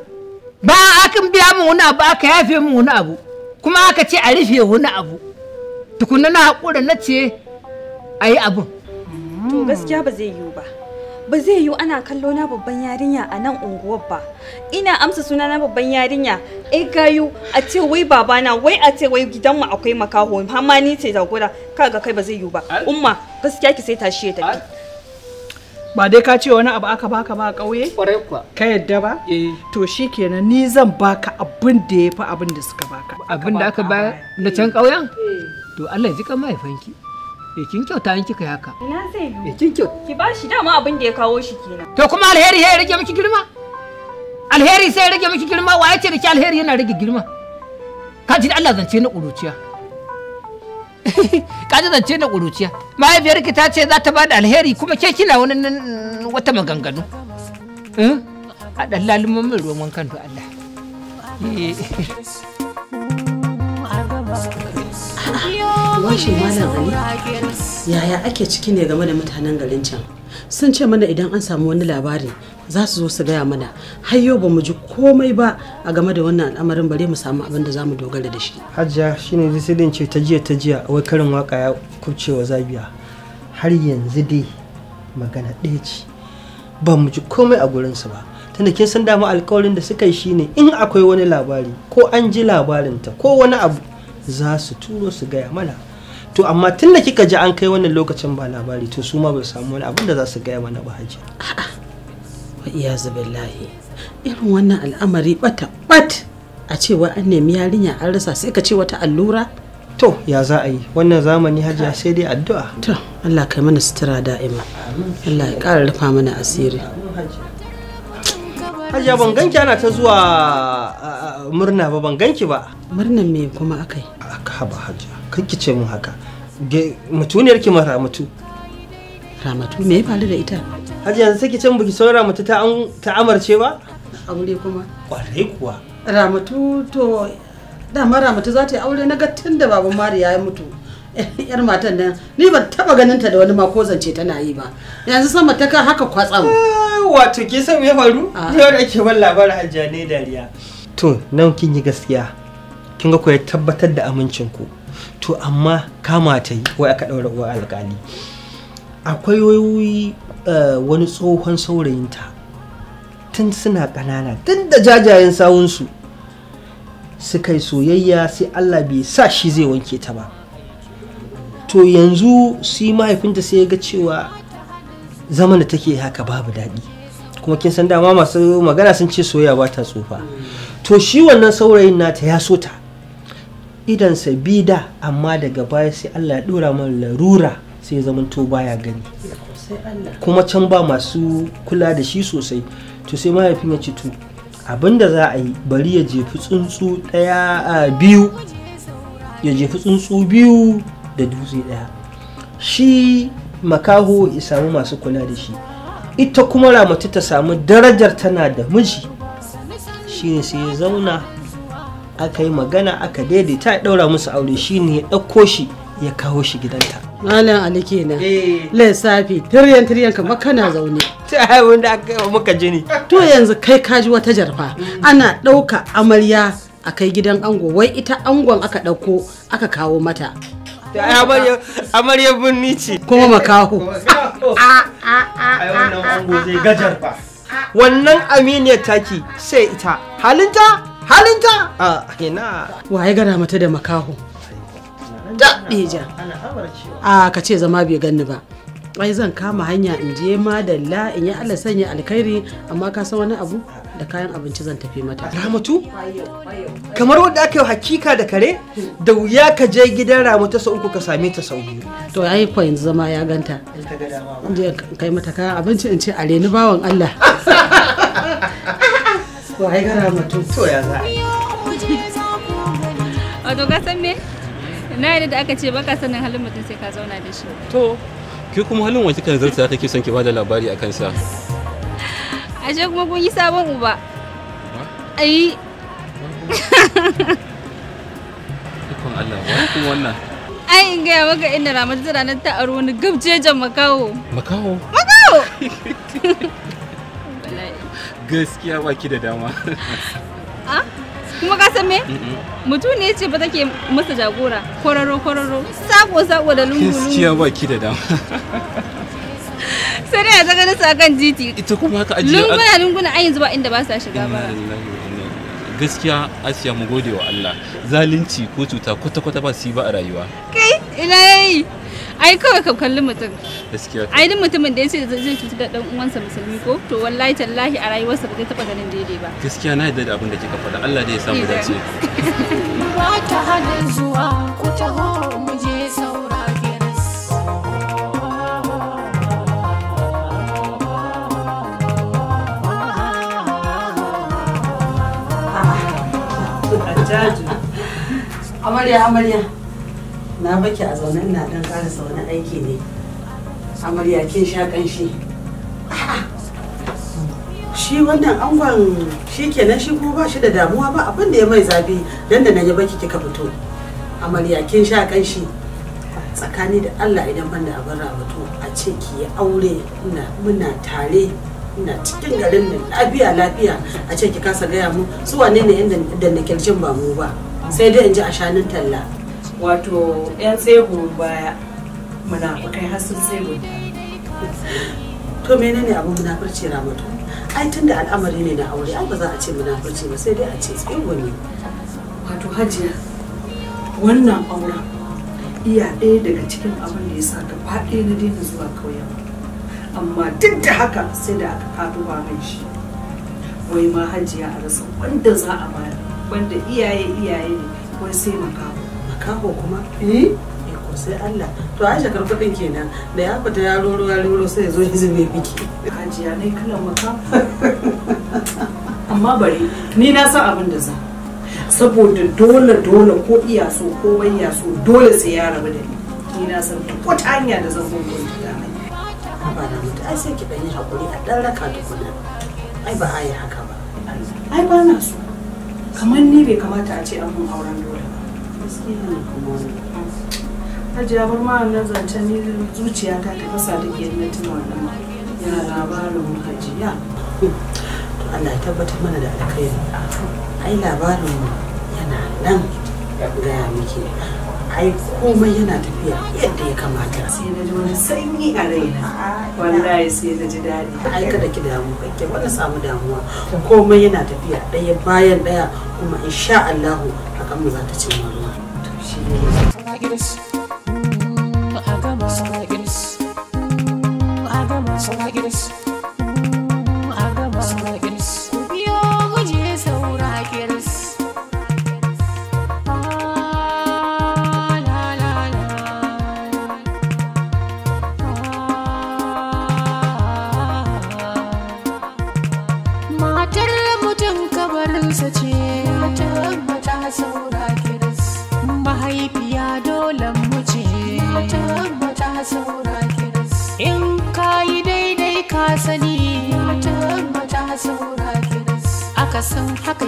Speaker 7: ba akan biya min wani abu aka yafe min wani abu kuma aka ce a rufe wani
Speaker 11: abu tukunna na haƙura na ce a yi abun to gaskiya ba zai yiwu ba ba zai yiwu ana kallo na babban yarinya a nan unguwar ba ina amsa suna na babban yarinya e gayu a ce wai babana wai a ce wai gidanmu akwai makaho amma ni ce jagora kaga kai ba zai yiwu ba umma gaskiya ki sai tashi ya tafi
Speaker 8: ba dai ka ce wani abu aka baka ba a ƙauye? ka yadda ba? Eh. to
Speaker 7: shi kenan ni zan baka abin da ya fi abin da suka baka abin da aka ba na can ƙauyen? Eh. to Allah ya ji kan mahaifanki Eh kin kyauta in kika haka.
Speaker 11: Ina zai yi. Eh kin kyau. Ki shi dama abin da ya kawo shi kenan. To kuma alheri sai ya rage
Speaker 7: miki girma. Alheri sai ya rage miki girma wa yace da ki alheri yana rage girma. Ka ji Allah zance na ƙuruciya. Ka ji zance na ƙuruciya. Mahaifiyarki ta ce za ta bada alheri kuma ke kina wani wata maganganu. Eh? A ɗan lalumin min ruwan wankan
Speaker 8: Allah.
Speaker 3: Eh. Malam Ali,
Speaker 8: yaya ake ciki ne game da mutanen garin can? Sun ce mana idan an samu wani labari za su zo su gaya mana har yau ba mu ji komai ba a game da wannan al'amarin bare mu samu abin da za mu dogara da shi. hajiya shine ne sai
Speaker 6: ce ta jiya ta jiya wai karin waka ya kubcewa zabiya har yanzu dai magana ɗaya ce ba mu ji komai a gurinsu ba. tunda kin san dama alkawarin da suka yi shine in akwai wani labari ko an ji ta ko wani abu za su turo su gaya mana to amma tun da kika ji an kai wannan lokacin ba labari to su ma ba samu wani abin
Speaker 8: da za su gaya mana ba haji A'a, iya zubillahi irin wannan al'amari bata bat a cewa an nemi yarinya an rasa sai ka ce wata allura to ya za a yi wannan zamani hajiya sai dai addu'a to Allah kai mana sutura da'ima Allah ya ƙara rufa mana asiri
Speaker 6: Hajiya ban ganki ana ta zuwa murna ba ban ganki ba. Murnan me kuma akai? Aka ba hajiya. Kan ki ce mun haka. Mutuniyar ki ma Ramatu. Ramatu me ya
Speaker 8: faru da ita? Hajiya yanzu sai ki ce baki son Ramatu ta ta amarce ba? Aure kuma. Kwarai kuwa. Ramatu to dama Ramatu za ta yi aure na ga tun da baban Mariya ya mutu. yar matan nan ni ban taba ganin ta da wani ma ko zance tana yi ba yanzu sama ta kan haka kwatsam ah, wato ke san me faru ah. yau da ke ban labarin hajjia
Speaker 6: dariya to nan kin yi gaskiya kin ga ku ya tabbatar da amincin ku to amma kama ta yi wai aka daura uwa alƙali akwai eh, wani tsohon saurayinta tun suna kanana tun da jajayen sawunsu suka yi soyayya sai Allah bai sa shi zai wanke ta ba to yanzu si mahaifinta sai ya ga cewa zaman da take haka babu daɗi kuma kin san dama masu magana sun ce soya ba ta tsufa to shi wannan saurayin nata ya so ta idansa bida amma daga baya sai Allah ya dora mana larura sai ya zama to baya gani kuma can ba masu kula da shi sosai to sai mahaifin ya ce to abinda za a yi bari ya jefi tsuntsu ɗaya biyu ya jefi tsuntsu biyu da dutse daya shi makaho ya samu masu kula da shi ita kuma ramatu ta samu darajar tana da miji shine sai ya zauna aka yi magana aka daidaita ya ɗaura musu aure ne ya ɗauko shi ya kawo shi gidanta
Speaker 8: malam ali kenan eh. lissafi tiryan tiryan kamar kana zaune wanda aka muka jini to yanzu kai kaji wata jarfa ana ɗauka amarya a kai gidan ango wai ita angon aka ɗauko aka kawo mata
Speaker 6: da amaryar birni ce kuma makaho wannan aminiyar taki sai ita halinta halinta a ina
Speaker 8: waye gana mata da makaho da ɗeja a ka ce zama bai ganni ba ai zan kama hanya in je madalla in yi allah sanya alkhairi amma ka san wani abu da kayan abinci zan tafi mata ramatu kamar wanda aka yi hakika da kare da wuya ka je gidan ramatu sau uku ka same ta sau biyu to ya yi kwayin zama ya ganta je kai mata kayan abinci in ce a reni bawan Allah to ai ga ramatu to ya za
Speaker 10: a to ka san me na yadda da aka ce baka sanin halin mutum sai ka zauna da shi to
Speaker 1: ke kuma halin wa kika nazarta kake son ki bada labari a kansa?
Speaker 10: ashe kuma kun yi sabon uba ayi.
Speaker 3: ikon Allah wani kuma wannan
Speaker 10: ai in gaya maka inda ramatu ranar ta aro wani gabjejen makawo makawo makawo
Speaker 1: gaskiya baki da dama
Speaker 10: kuma ka san me mutum ne ce ba take masa jagora kororo kororo sako sako da lungu lungu gaskiya
Speaker 1: baki da dama
Speaker 10: sai dai a zaga nasu kan titi ita kuma haka ajiya lunguna lunguna ayin zuba inda ba sa shiga ba
Speaker 1: gaskiya asiya mu gode wa Allah zalunci ko cuta kwata kwata ba su yi ba a rayuwa
Speaker 10: kai ina yayi ai kawai ka kalli mutum gaskiya ai din mutumin da yace zai cuta da dan uwansa musulmi ko to wallahi tallahi a rayuwarsa ba zai taba ganin daidai ba
Speaker 1: gaskiya na yarda da abin da kika faɗa Allah da ya samu dace
Speaker 10: ba ta hana zuwa ku ta
Speaker 8: caji amarya amarya na baki a zaune ina dan karasa wani aiki ne amarya kin sha kanshi shi wannan angon shi kenan shi kuma ba shi da damuwa ba abin da ya mai zafi dan da na yi baki kika fito amarya kin sha kanshi tsakani da Allah idan ban da abin rabatu a ce ki aure muna tare ina cikin garin nan lafiya lafiya a ce ki kasa gaya mu su wane ne yan dandakilcin ba mu ba sai dai in ji a shanun talla wato yan tsego baya munafukai har sun tsego to menene abin munafurci ramatu ai tun da al'amari ne na aure ai ba za a ce munafurci ba sai dai a ce tsego ne wato hajiya wannan auren iya ɗaya daga cikin abin da ya sa gaba ɗaya na daina zuwa ƙauyen amma duk da haka sai da aka ba mai shi wai ma hajiya a rasa wanda za a bayar wanda iyaye iyaye ne wai sai makaho makaho kuma eh, eh ko sai Allah to a shakar kudin kenan da ya fita ya roro ya roro sai ya zo izini biki hajiya ne kalan makaho amma bari ni na san abin da za saboda dole dole ko iya so ko wai so dole sai ya rabu da ni ni na san duk wata hanya da zan gungunta mai haba da mutu ai sai ki ɗan yi haƙuri a ɗan raka tukuna ai ba a yi haka ba ai ba na so kamar ni bai kamata a ce an mun auren dole ba gaskiya ne kuma Hajiya bar ma nan zancen ni zuciya ta kasa take yin natin wannan yana labarin mu hajiya to Allah ya tabbatar mana da alkhairi ai labarin yana nan ga miki ai komai yana tafiya yadda ya kamata sai na ji wani sanyi a raina wallahi sai na ji daɗi ai kada ki damu kake wani samu damuwa komai yana tafiya ɗaya bayan ɗaya kuma insha Allah hakan mu za ta cin ruwa to shi ne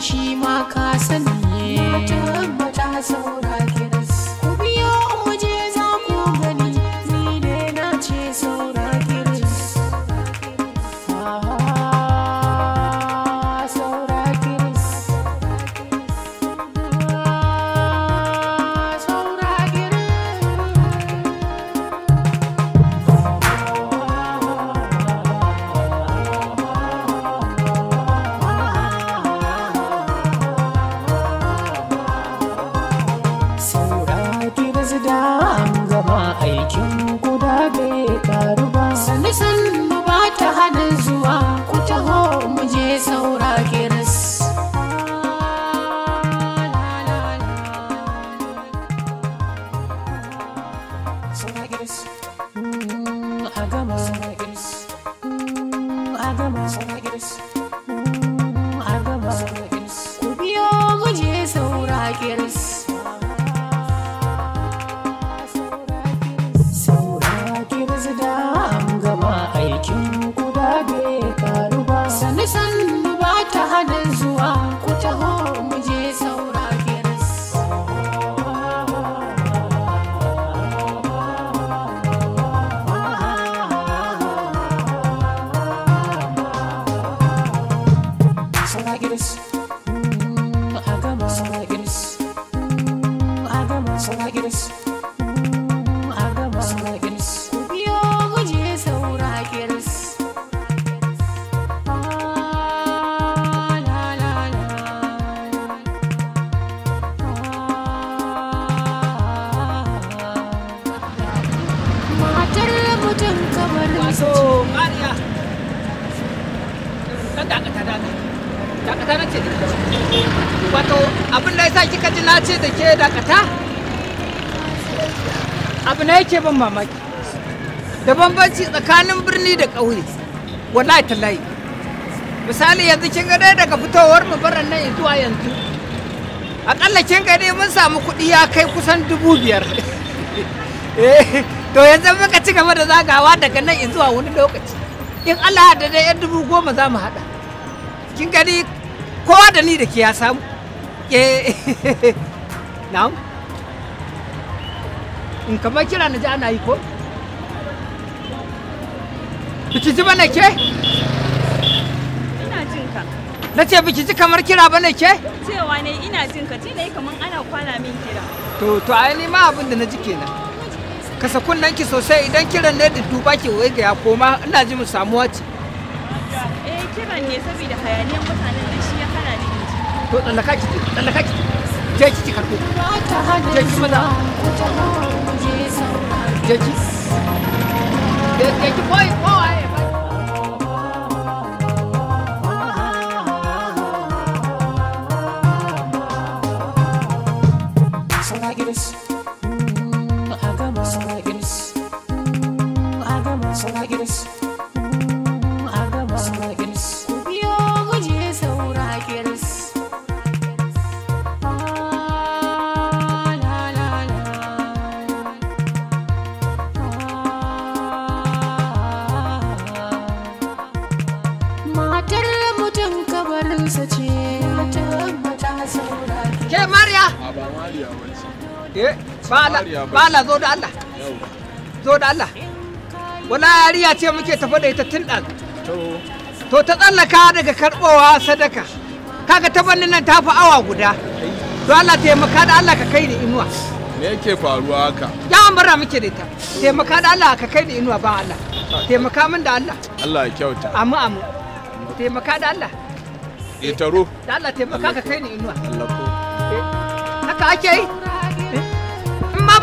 Speaker 3: 骑马。
Speaker 7: mamaki da bambanci tsakanin birni da ƙauye wallahi tallahi misali yanzu kin ga dai daga fitowar mu baran nan zuwa yanzu akalla kin ga dai mun samu kuɗi ya kai kusan dubu biyar eh, to yanzu muka ci gaba da zagawa daga nan zuwa wani lokaci in Allah da dai yan dubu goma za mu haɗa kin gani kowa da ni da ke ya samu eh, na'am in kamar kira na ji ana yi ko biki ji bane ke ina jin ka na ce biki ji kamar kira bane ke
Speaker 11: cewa ne ina jin ka tunda kamar ana kwana min kira
Speaker 7: to to ai ni ma abin da na ji kenan kasa kunnen ki sosai idan kiran ne da duba ke wai ga ya koma ina ji mu samu wace
Speaker 11: eh kiran ne saboda hayaniyan mutanen da shi ya hana ni
Speaker 7: to dan da kake dan je ki ki karɓo je ki bala zo da Allah zo da Allah wala yariya ce muke tafi da ita tun ɗan to ta tsallaka daga karɓowa sadaka kaga ta bannin nan ta fi awa guda to Allah taimaka da Allah ka kai ni inuwa
Speaker 1: me yake faruwa haka
Speaker 7: ya amara muke da ita taimaka da Allah ka kai ni inuwa ba Allah taimaka min da Allah
Speaker 1: Allah ya kyauta
Speaker 7: amu amu taimaka da Allah ya taro da Allah taimaka ka kai ni inuwa haka ake yi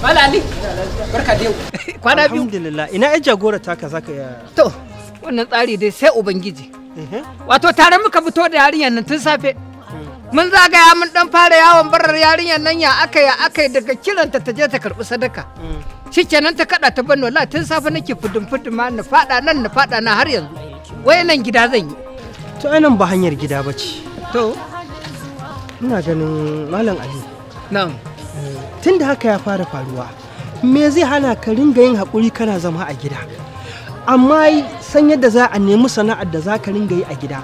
Speaker 7: Kwana biyu.
Speaker 6: Alhamdulillah, ina yan jagora taka zaka ya.
Speaker 7: To, wannan tsari dai sai Ubangiji. Wato tare muka fito da yarinyar nan tun safe. Mun zagaya mun dan fara yawon barar yarinyar nan ya aka ya aka daga kiranta ta je ta karbi sadaka. Shikenan ta kada ta banno la tun safe nake fudin fudin ma na fada nan na fada na har yanzu. Wayanan gida zan yi. To anan ba hanyar
Speaker 6: gida bace. To ina ganin Malam Ali. Na'am. tun da haka ya fara faruwa me zai hana ka ringa yin haƙuri kana zama a gida amma san yadda za a nemi sana'ar da za ka ringa yi a gida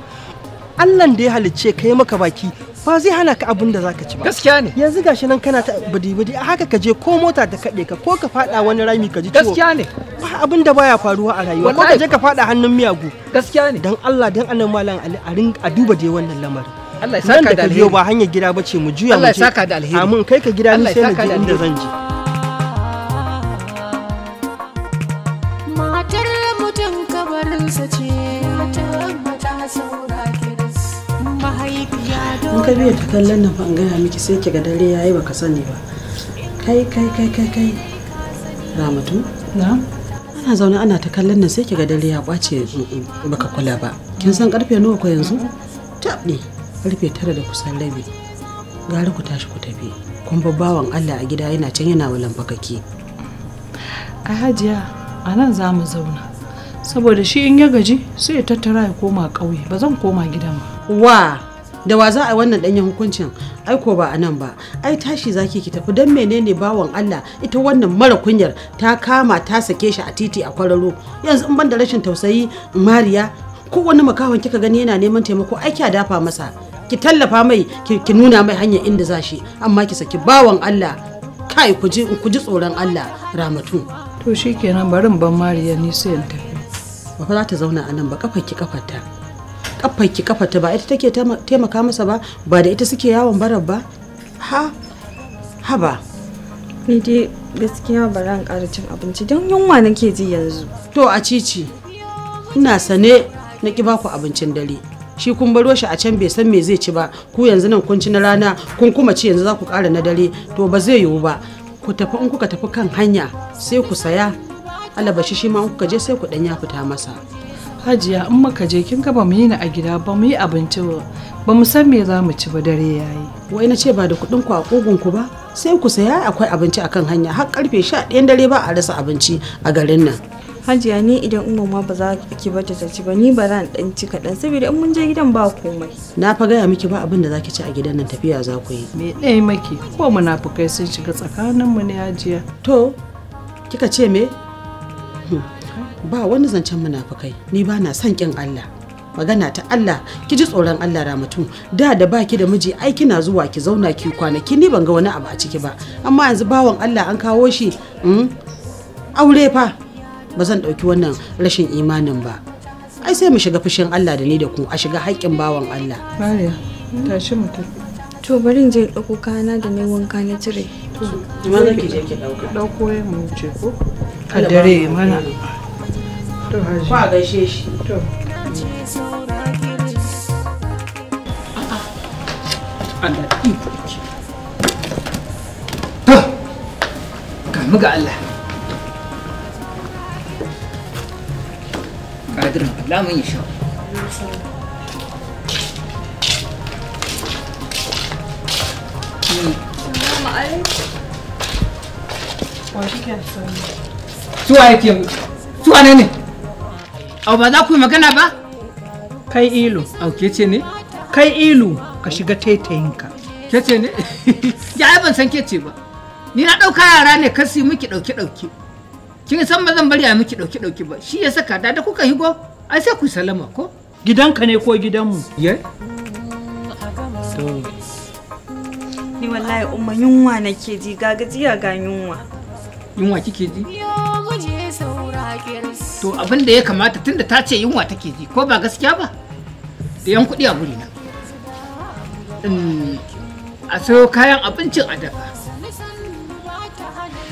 Speaker 6: allan da ya halicce ka yi maka baki ba zai hana ka abin da za ka ci ba gaskiya ne yanzu gashi nan kana ta budi-budi a haka ka je ko mota ta kaɗe ka ko ka faɗa wani rami ka ji gaskiya ne ba abin da baya faruwa a rayuwa ko ka je ka faɗa hannun miyagu gaskiya ne dan Allah dan annabi malam Ali a duba dai wannan lamarin Allah ya saka da alheri ba hanyar gida bace mu juya mu Allah ya saka da kai ka gida ni sai na je zan je
Speaker 3: matar ka biya
Speaker 8: ta kallon nan gaya miki sai ki ga dare yayi baka sani ba kai kai kai kai kai ramatu na'am ana zaune ana ta kallon nan sai kiga dare ya kwace mm, mm, baka kula ba kin san karfe nawa ko yanzu tabdi karfe tara da kusan rabi gara ku tashi ku tafi kun bawan allah a gida yana can yana walan bakake a hajiya a nan za mu zauna saboda shi in ya gaji sai ya tattara ya koma ƙauye ba zan koma gidan ba wa da wa za a wannan danyen hukuncin ai ko ba a nan ba ai tashi zaki ki tafi dan menene bawan Allah ita wannan mara kunyar ta kama ta sake shi a titi a kwararo yanzu in ban da rashin tausayi mariya ko wani makawan kika gani yana neman taimako aiki a dafa masa ki tallafa mai ki nuna mai hanyar inda za shi amma ki saki bawan Allah kai ku ji tsoron Allah ramatu to shikenan barin ban mariya ni sai in tafi ba fa za ta zauna a nan ba kafar ki kafarta kafar ki kafarta ba ita take taimaka masa ba ba da ita suke yawon barar ba ha haba ni
Speaker 11: dai gaskiya
Speaker 8: ba ran ƙara cin abinci don yunwa nake ji yanzu to a cici ina sane na ki baku abincin dare shi kun baro shi a can bai san me zai ci ba ku yanzu nan kun ci na rana kun kuma ci yanzu za ku ƙara na dare to ba zai yiwu ba ku tafi in kuka tafi kan hanya sai ku saya alabashi shi ma in kuka je sai ku ɗan ya fita masa hajiya in muka je kin ga mu yi na a gida ba mu yi abinci ba ba mu san me za mu ci ba dare yayi wai na ce ba da kuɗin ku a kogon ku ba sai ku saya akwai abinci akan hanya har karfe 11 dare ba a rasa abinci a garin nan
Speaker 11: hajiya ne idan umma ma ba za ki ba ta ci ba ni ba ran dan ci kaɗan saboda in mun je gidan ba komai
Speaker 8: na fa gaya miki ba abin da za ci a gidan nan tafiya za ku yi me
Speaker 11: dai miki ko munafukai sun shiga tsakanin mu ne
Speaker 8: hajiya to kika ce me hm, ba wani zancen munafukai ni ba na son kin Allah magana ta Allah ki ji tsoron Allah mutum da da baki da miji ai kina zuwa ki zauna ki kwanaki ni ban ga wani abu a ciki ba amma yanzu bawan Allah an kawo shi hm, aure fa ba zan ɗauki wannan rashin imanin ba ai sai mu shiga fushin Allah da ni da ku a shiga haƙƙin bawan Allah
Speaker 11: tashi mutum to bari je ɗauko kana da ne wanka na cire to ma k'i je ki
Speaker 8: ɗauka ɗauko ya mu ce ko a dare mana to haji ba gaishe shi to Allah
Speaker 7: ɗin ga Allah قادرهم لا من magana ba? Kai ilu. Au ce ne? Kai ilu ka shiga taitayinka. Ke ce ne? ba. Ni na ɗauka yara ne kasi muki ɗauke-ɗauke. kin san ba zan bari a miki dauki dauki ba shi ya saka da da kuka higo
Speaker 11: ai sai ku salama ko gidanka ne ko gidanmu ye ni wallahi umma yunwa nake ji ga gajiya ga yunwa
Speaker 7: yunwa kike ji
Speaker 3: to abin da ya
Speaker 7: kamata tunda ta ce yunwa take ji ko ba gaskiya ba da yan kuɗi a guri na mm, a sayo kayan abincin a dafa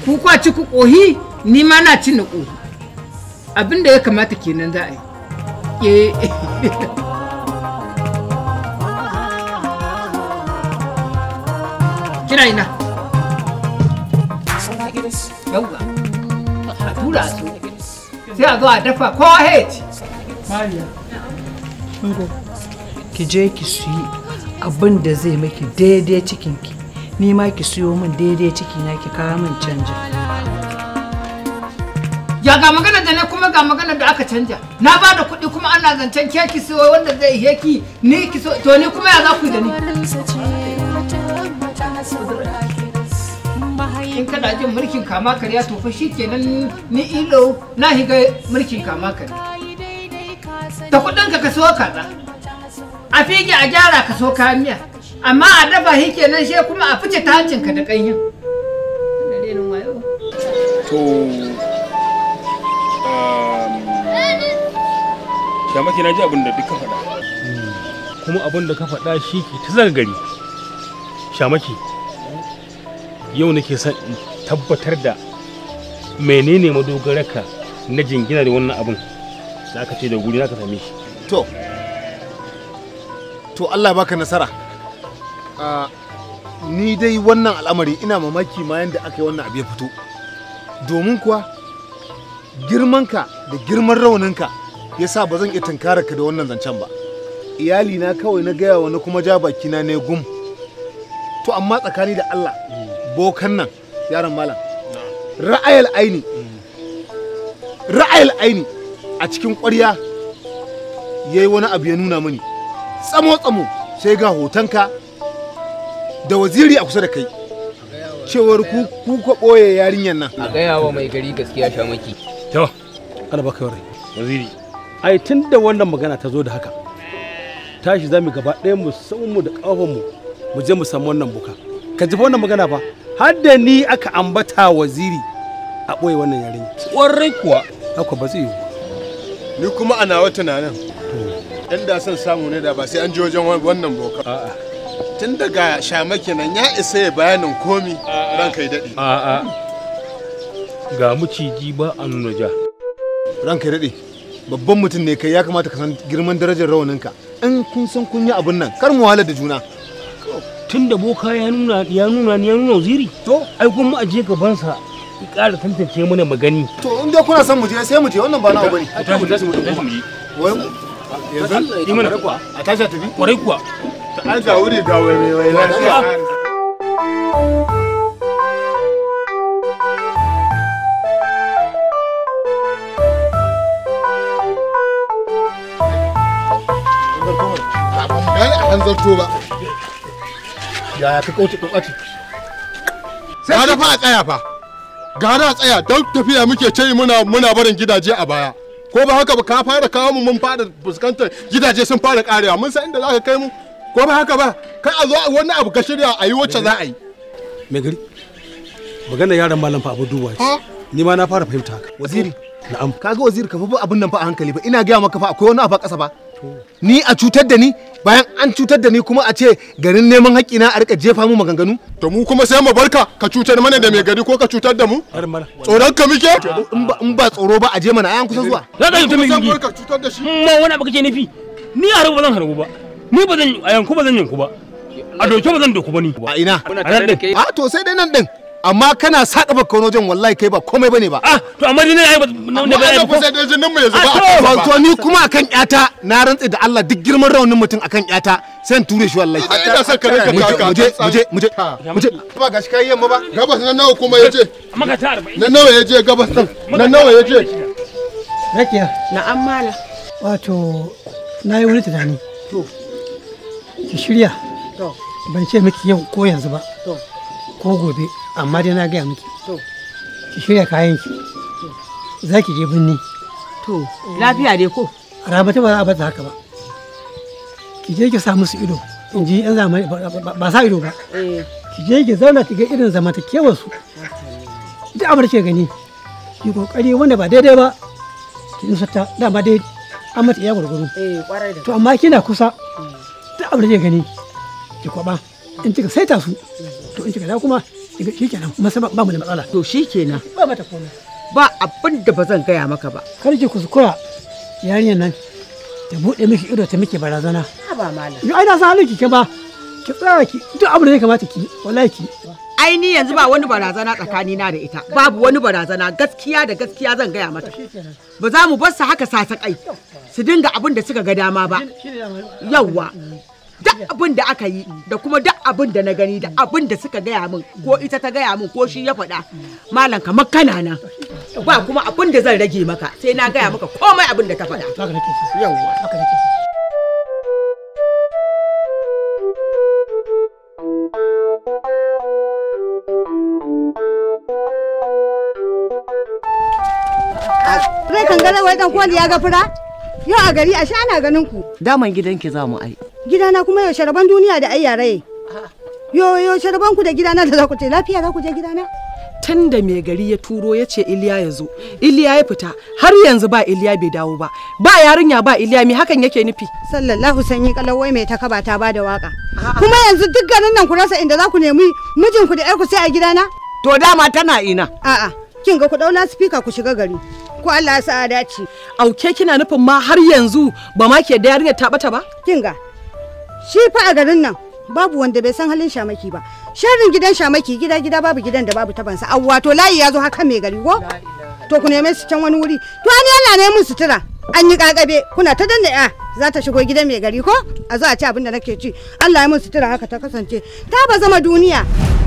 Speaker 7: ku kwaci ku ƙohi ni ma na ci nuku abin da ya kamata kenan za a yi eh. kina ina yauwa a tura su sai a zo a dafa ko hate
Speaker 9: mariya
Speaker 8: ki je ki su abin da zai maki daidai cikinki ni ma ki siyo min daidai na ki kawo min canji
Speaker 7: da ga magana da ne kuma ga magana da aka canja na ba da kuɗi kuma ana zancen ke ki so wanda zai iya ki ni ki so to ni kuma ya za ku da ni in kana jin mulkin kama kariya to fa shikenan ni ilo na higa mulkin kama kari. da kuɗin ka ka so ka kaza a fige a gyara ka so ka miya amma a dafa shikenan she kuma a fice ta hancinka da ƙanyen
Speaker 1: to mamaki na ji abin da duka faɗa kuma abin da ka faɗa shi ke ta zaga gari shamaki yau nake son in tabbatar da menene madogaraka na jingina da wannan abin da aka ce da guri zaka same shi to to Allah baka nasara ni dai wannan al'amari ina mamaki ma yanda aka yi wannan abu ya fito domin kuwa girmanka da girman ka yasa ba zan iya tunkara ka da wannan zancen ba iyalina kawai na gaya wani kuma ja baki na ne gum to amma tsakani da Allah bokan nan yaron malam ra'ayal aini ra'ayal aini a cikin ƙwarya yayi wani abu ya nuna mini tsamo tsamo sai ga hotonka da waziri a kusa da kai cewar ku ku ka ɓoye yarinyar nan. A gaya wa mai gari gaskiya shamaki. To, kada ba kawai. Waziri, ai tun da wannan magana ta zo da haka tashi za mu gaba ɗaya mu mu da ƙafanmu mu je mu samu wannan buka ka ji wannan magana fa har da ni aka ambata waziri a ɓoye wannan yarinya ƙwarai kuwa haka ba zai yi ni kuma a nawa tunanin ɗan da son samu ne da ba sai an ji wajen wannan boka tun daga shama kenan ya isa ya bayanin komi ranka ya daɗe ga muciji ba a nuna ja ranka ya daɗe babban mutum ne kai ya kamata ka san girman darajar rawaninka in kun san kun yi abin nan kar mu wahala da juna tun da boka ya nuna ya nuna ya nuna ziri to ai kun mu aje sa ki ƙara tantance mana magani to in dai kuna san mu je sai mu je wannan ba na bane a tashi tashi mu tashi mu yi wai yanzu kwa a tashi tafi kwarai kuwa ta alta wuri ga
Speaker 10: wai wai lafiya
Speaker 1: zarto ba yaya ka kauce kokati sai fa a tsaya fa gara a tsaya don tafiya muke ce muna muna barin gidaje a baya ko ba haka ba ka fara kawo mu mun fara fuskantar gidaje sun fara karewa mun san inda za ka kai mu ko ba haka ba kai a zo wani abu ka shirya a yi wacce za a yi mai gari magana yaran malam fa abu duba ni ma na fara fahimta haka waziri na'am kaga waziri ka fa abin nan fa a hankali ba ina gaya maka fa akwai wani abu a ƙasa ba ni a cutar da ni bayan an cutar da ni kuma a ce garin neman haƙƙi na a rika jefa mu maganganu to mu kuma sai mu barka ka cutar mana da mai gari ko ka cutar da mu tsoron ka muke in ba tsoro ba a je mana an kusa zuwa za ka cutar mai gari ma wani abu kake nufi ni a ba zan harbu ba ni ba zan a yanku ba zan yanku ba a doke ba zan doku ba ni a ina a nan din a to sai dai nan din amma kana saɗa baka wani wajen wallahi kai ba komai bane ba ah to amma ni ne ai ne ba ai ko sai da jinin mu yanzu ba ah, to ni kuma akan yata na rantsi da Allah duk girman raunin mutum akan yata sai ture shi wallahi ina son ka ranka kaka muje muje muje muje ba gashi kai yamma ba gabas nan nawa kuma yaje amma maka ta 40 nan nawa yaje gabas nan nan nawa yaje rakiya na mala
Speaker 5: wato nayi wani tunani to ki shirya to ban ce miki yau ko yanzu ba to ko gobe amma dai na gaya miki ki shirya kayan ki za ki je birni
Speaker 8: to lafiya dai ko
Speaker 5: ta ba za a bata haka ba ki je ki sa su ido in ji yan zamani ba sa ido ba eh. ki je ki zauna ki ga irin zamantakewar su da abin da gani ki kokari wanda ba daidai ba ki nusata dama dai an mata iya gwargwaro
Speaker 8: eh,
Speaker 5: to amma kina kusa mm. da abin ke gani ki kwaba in kika saita su mm. to in kika dawo kuma shikenan kuma sai ba mu da matsala to shikenan ba mata komai ba abin da ba zan gaya maka ba kar ki kuskura yarinyar nan ta buɗe miki ido ta miki barazana ba malam yo ai na san halinki ke ba ki
Speaker 4: tsaya ki duk abin da ya kamata ki wallahi ki aini yanzu ba wani barazana tsakani na da ita babu wani barazana gaskiya da gaskiya zan gaya mata ba za mu bar su haka sasakai su dinga abin da suka ga dama ba yawwa duk abin da aka yi da kuma duk abin da na gani da abin da suka gaya min ko ita ta gaya min ko shi ya faɗa malam kamar kana na ba kuma abin da zan rage maka sai na gaya maka komai abin da ta faɗa
Speaker 9: Rai kan gana wai dan ya ga fura? Yau a gari a ana ganin ku.
Speaker 4: Daman gidanki za mu ai.
Speaker 9: Gidana kuma yau sharaban duniya da ai yare. Yo yo sharaban ku da gidana da za ku ce lafiya za ku je gidana. Tun mai
Speaker 8: gari ya turo ya ce Iliya ya zo, Iliya ya fita har yanzu ba Iliya bai dawo ba, ba
Speaker 9: yarinya ba Iliya me hakan yake nufi. Sallallahu sanyi kalawai mai takaba ta bada waka. Kuma yanzu duk garin nan ku rasa inda za ku nemi mijinku da ku sai a gidana? To dama tana ina. A'a, kin ga ku daula speaker ku shiga gari. ko Allah ya sa auke kina nufin ma har yanzu ba ma ke da yarinyar ta bata ba kinga shi fa a garin nan babu wanda bai san halin shamaki ba sharrin gidan shamaki gida gida babu gidan da babu tabansa a wato layi ya zo haka mai gari ko to ku neme su can wani wuri to an yalla ne mun sutura an yi kakabe kuna ta danna ya za ta shigo gidan mai gari ko a zo a ci abin da nake ci Allah ya mun sutura haka ta kasance ta ba zama duniya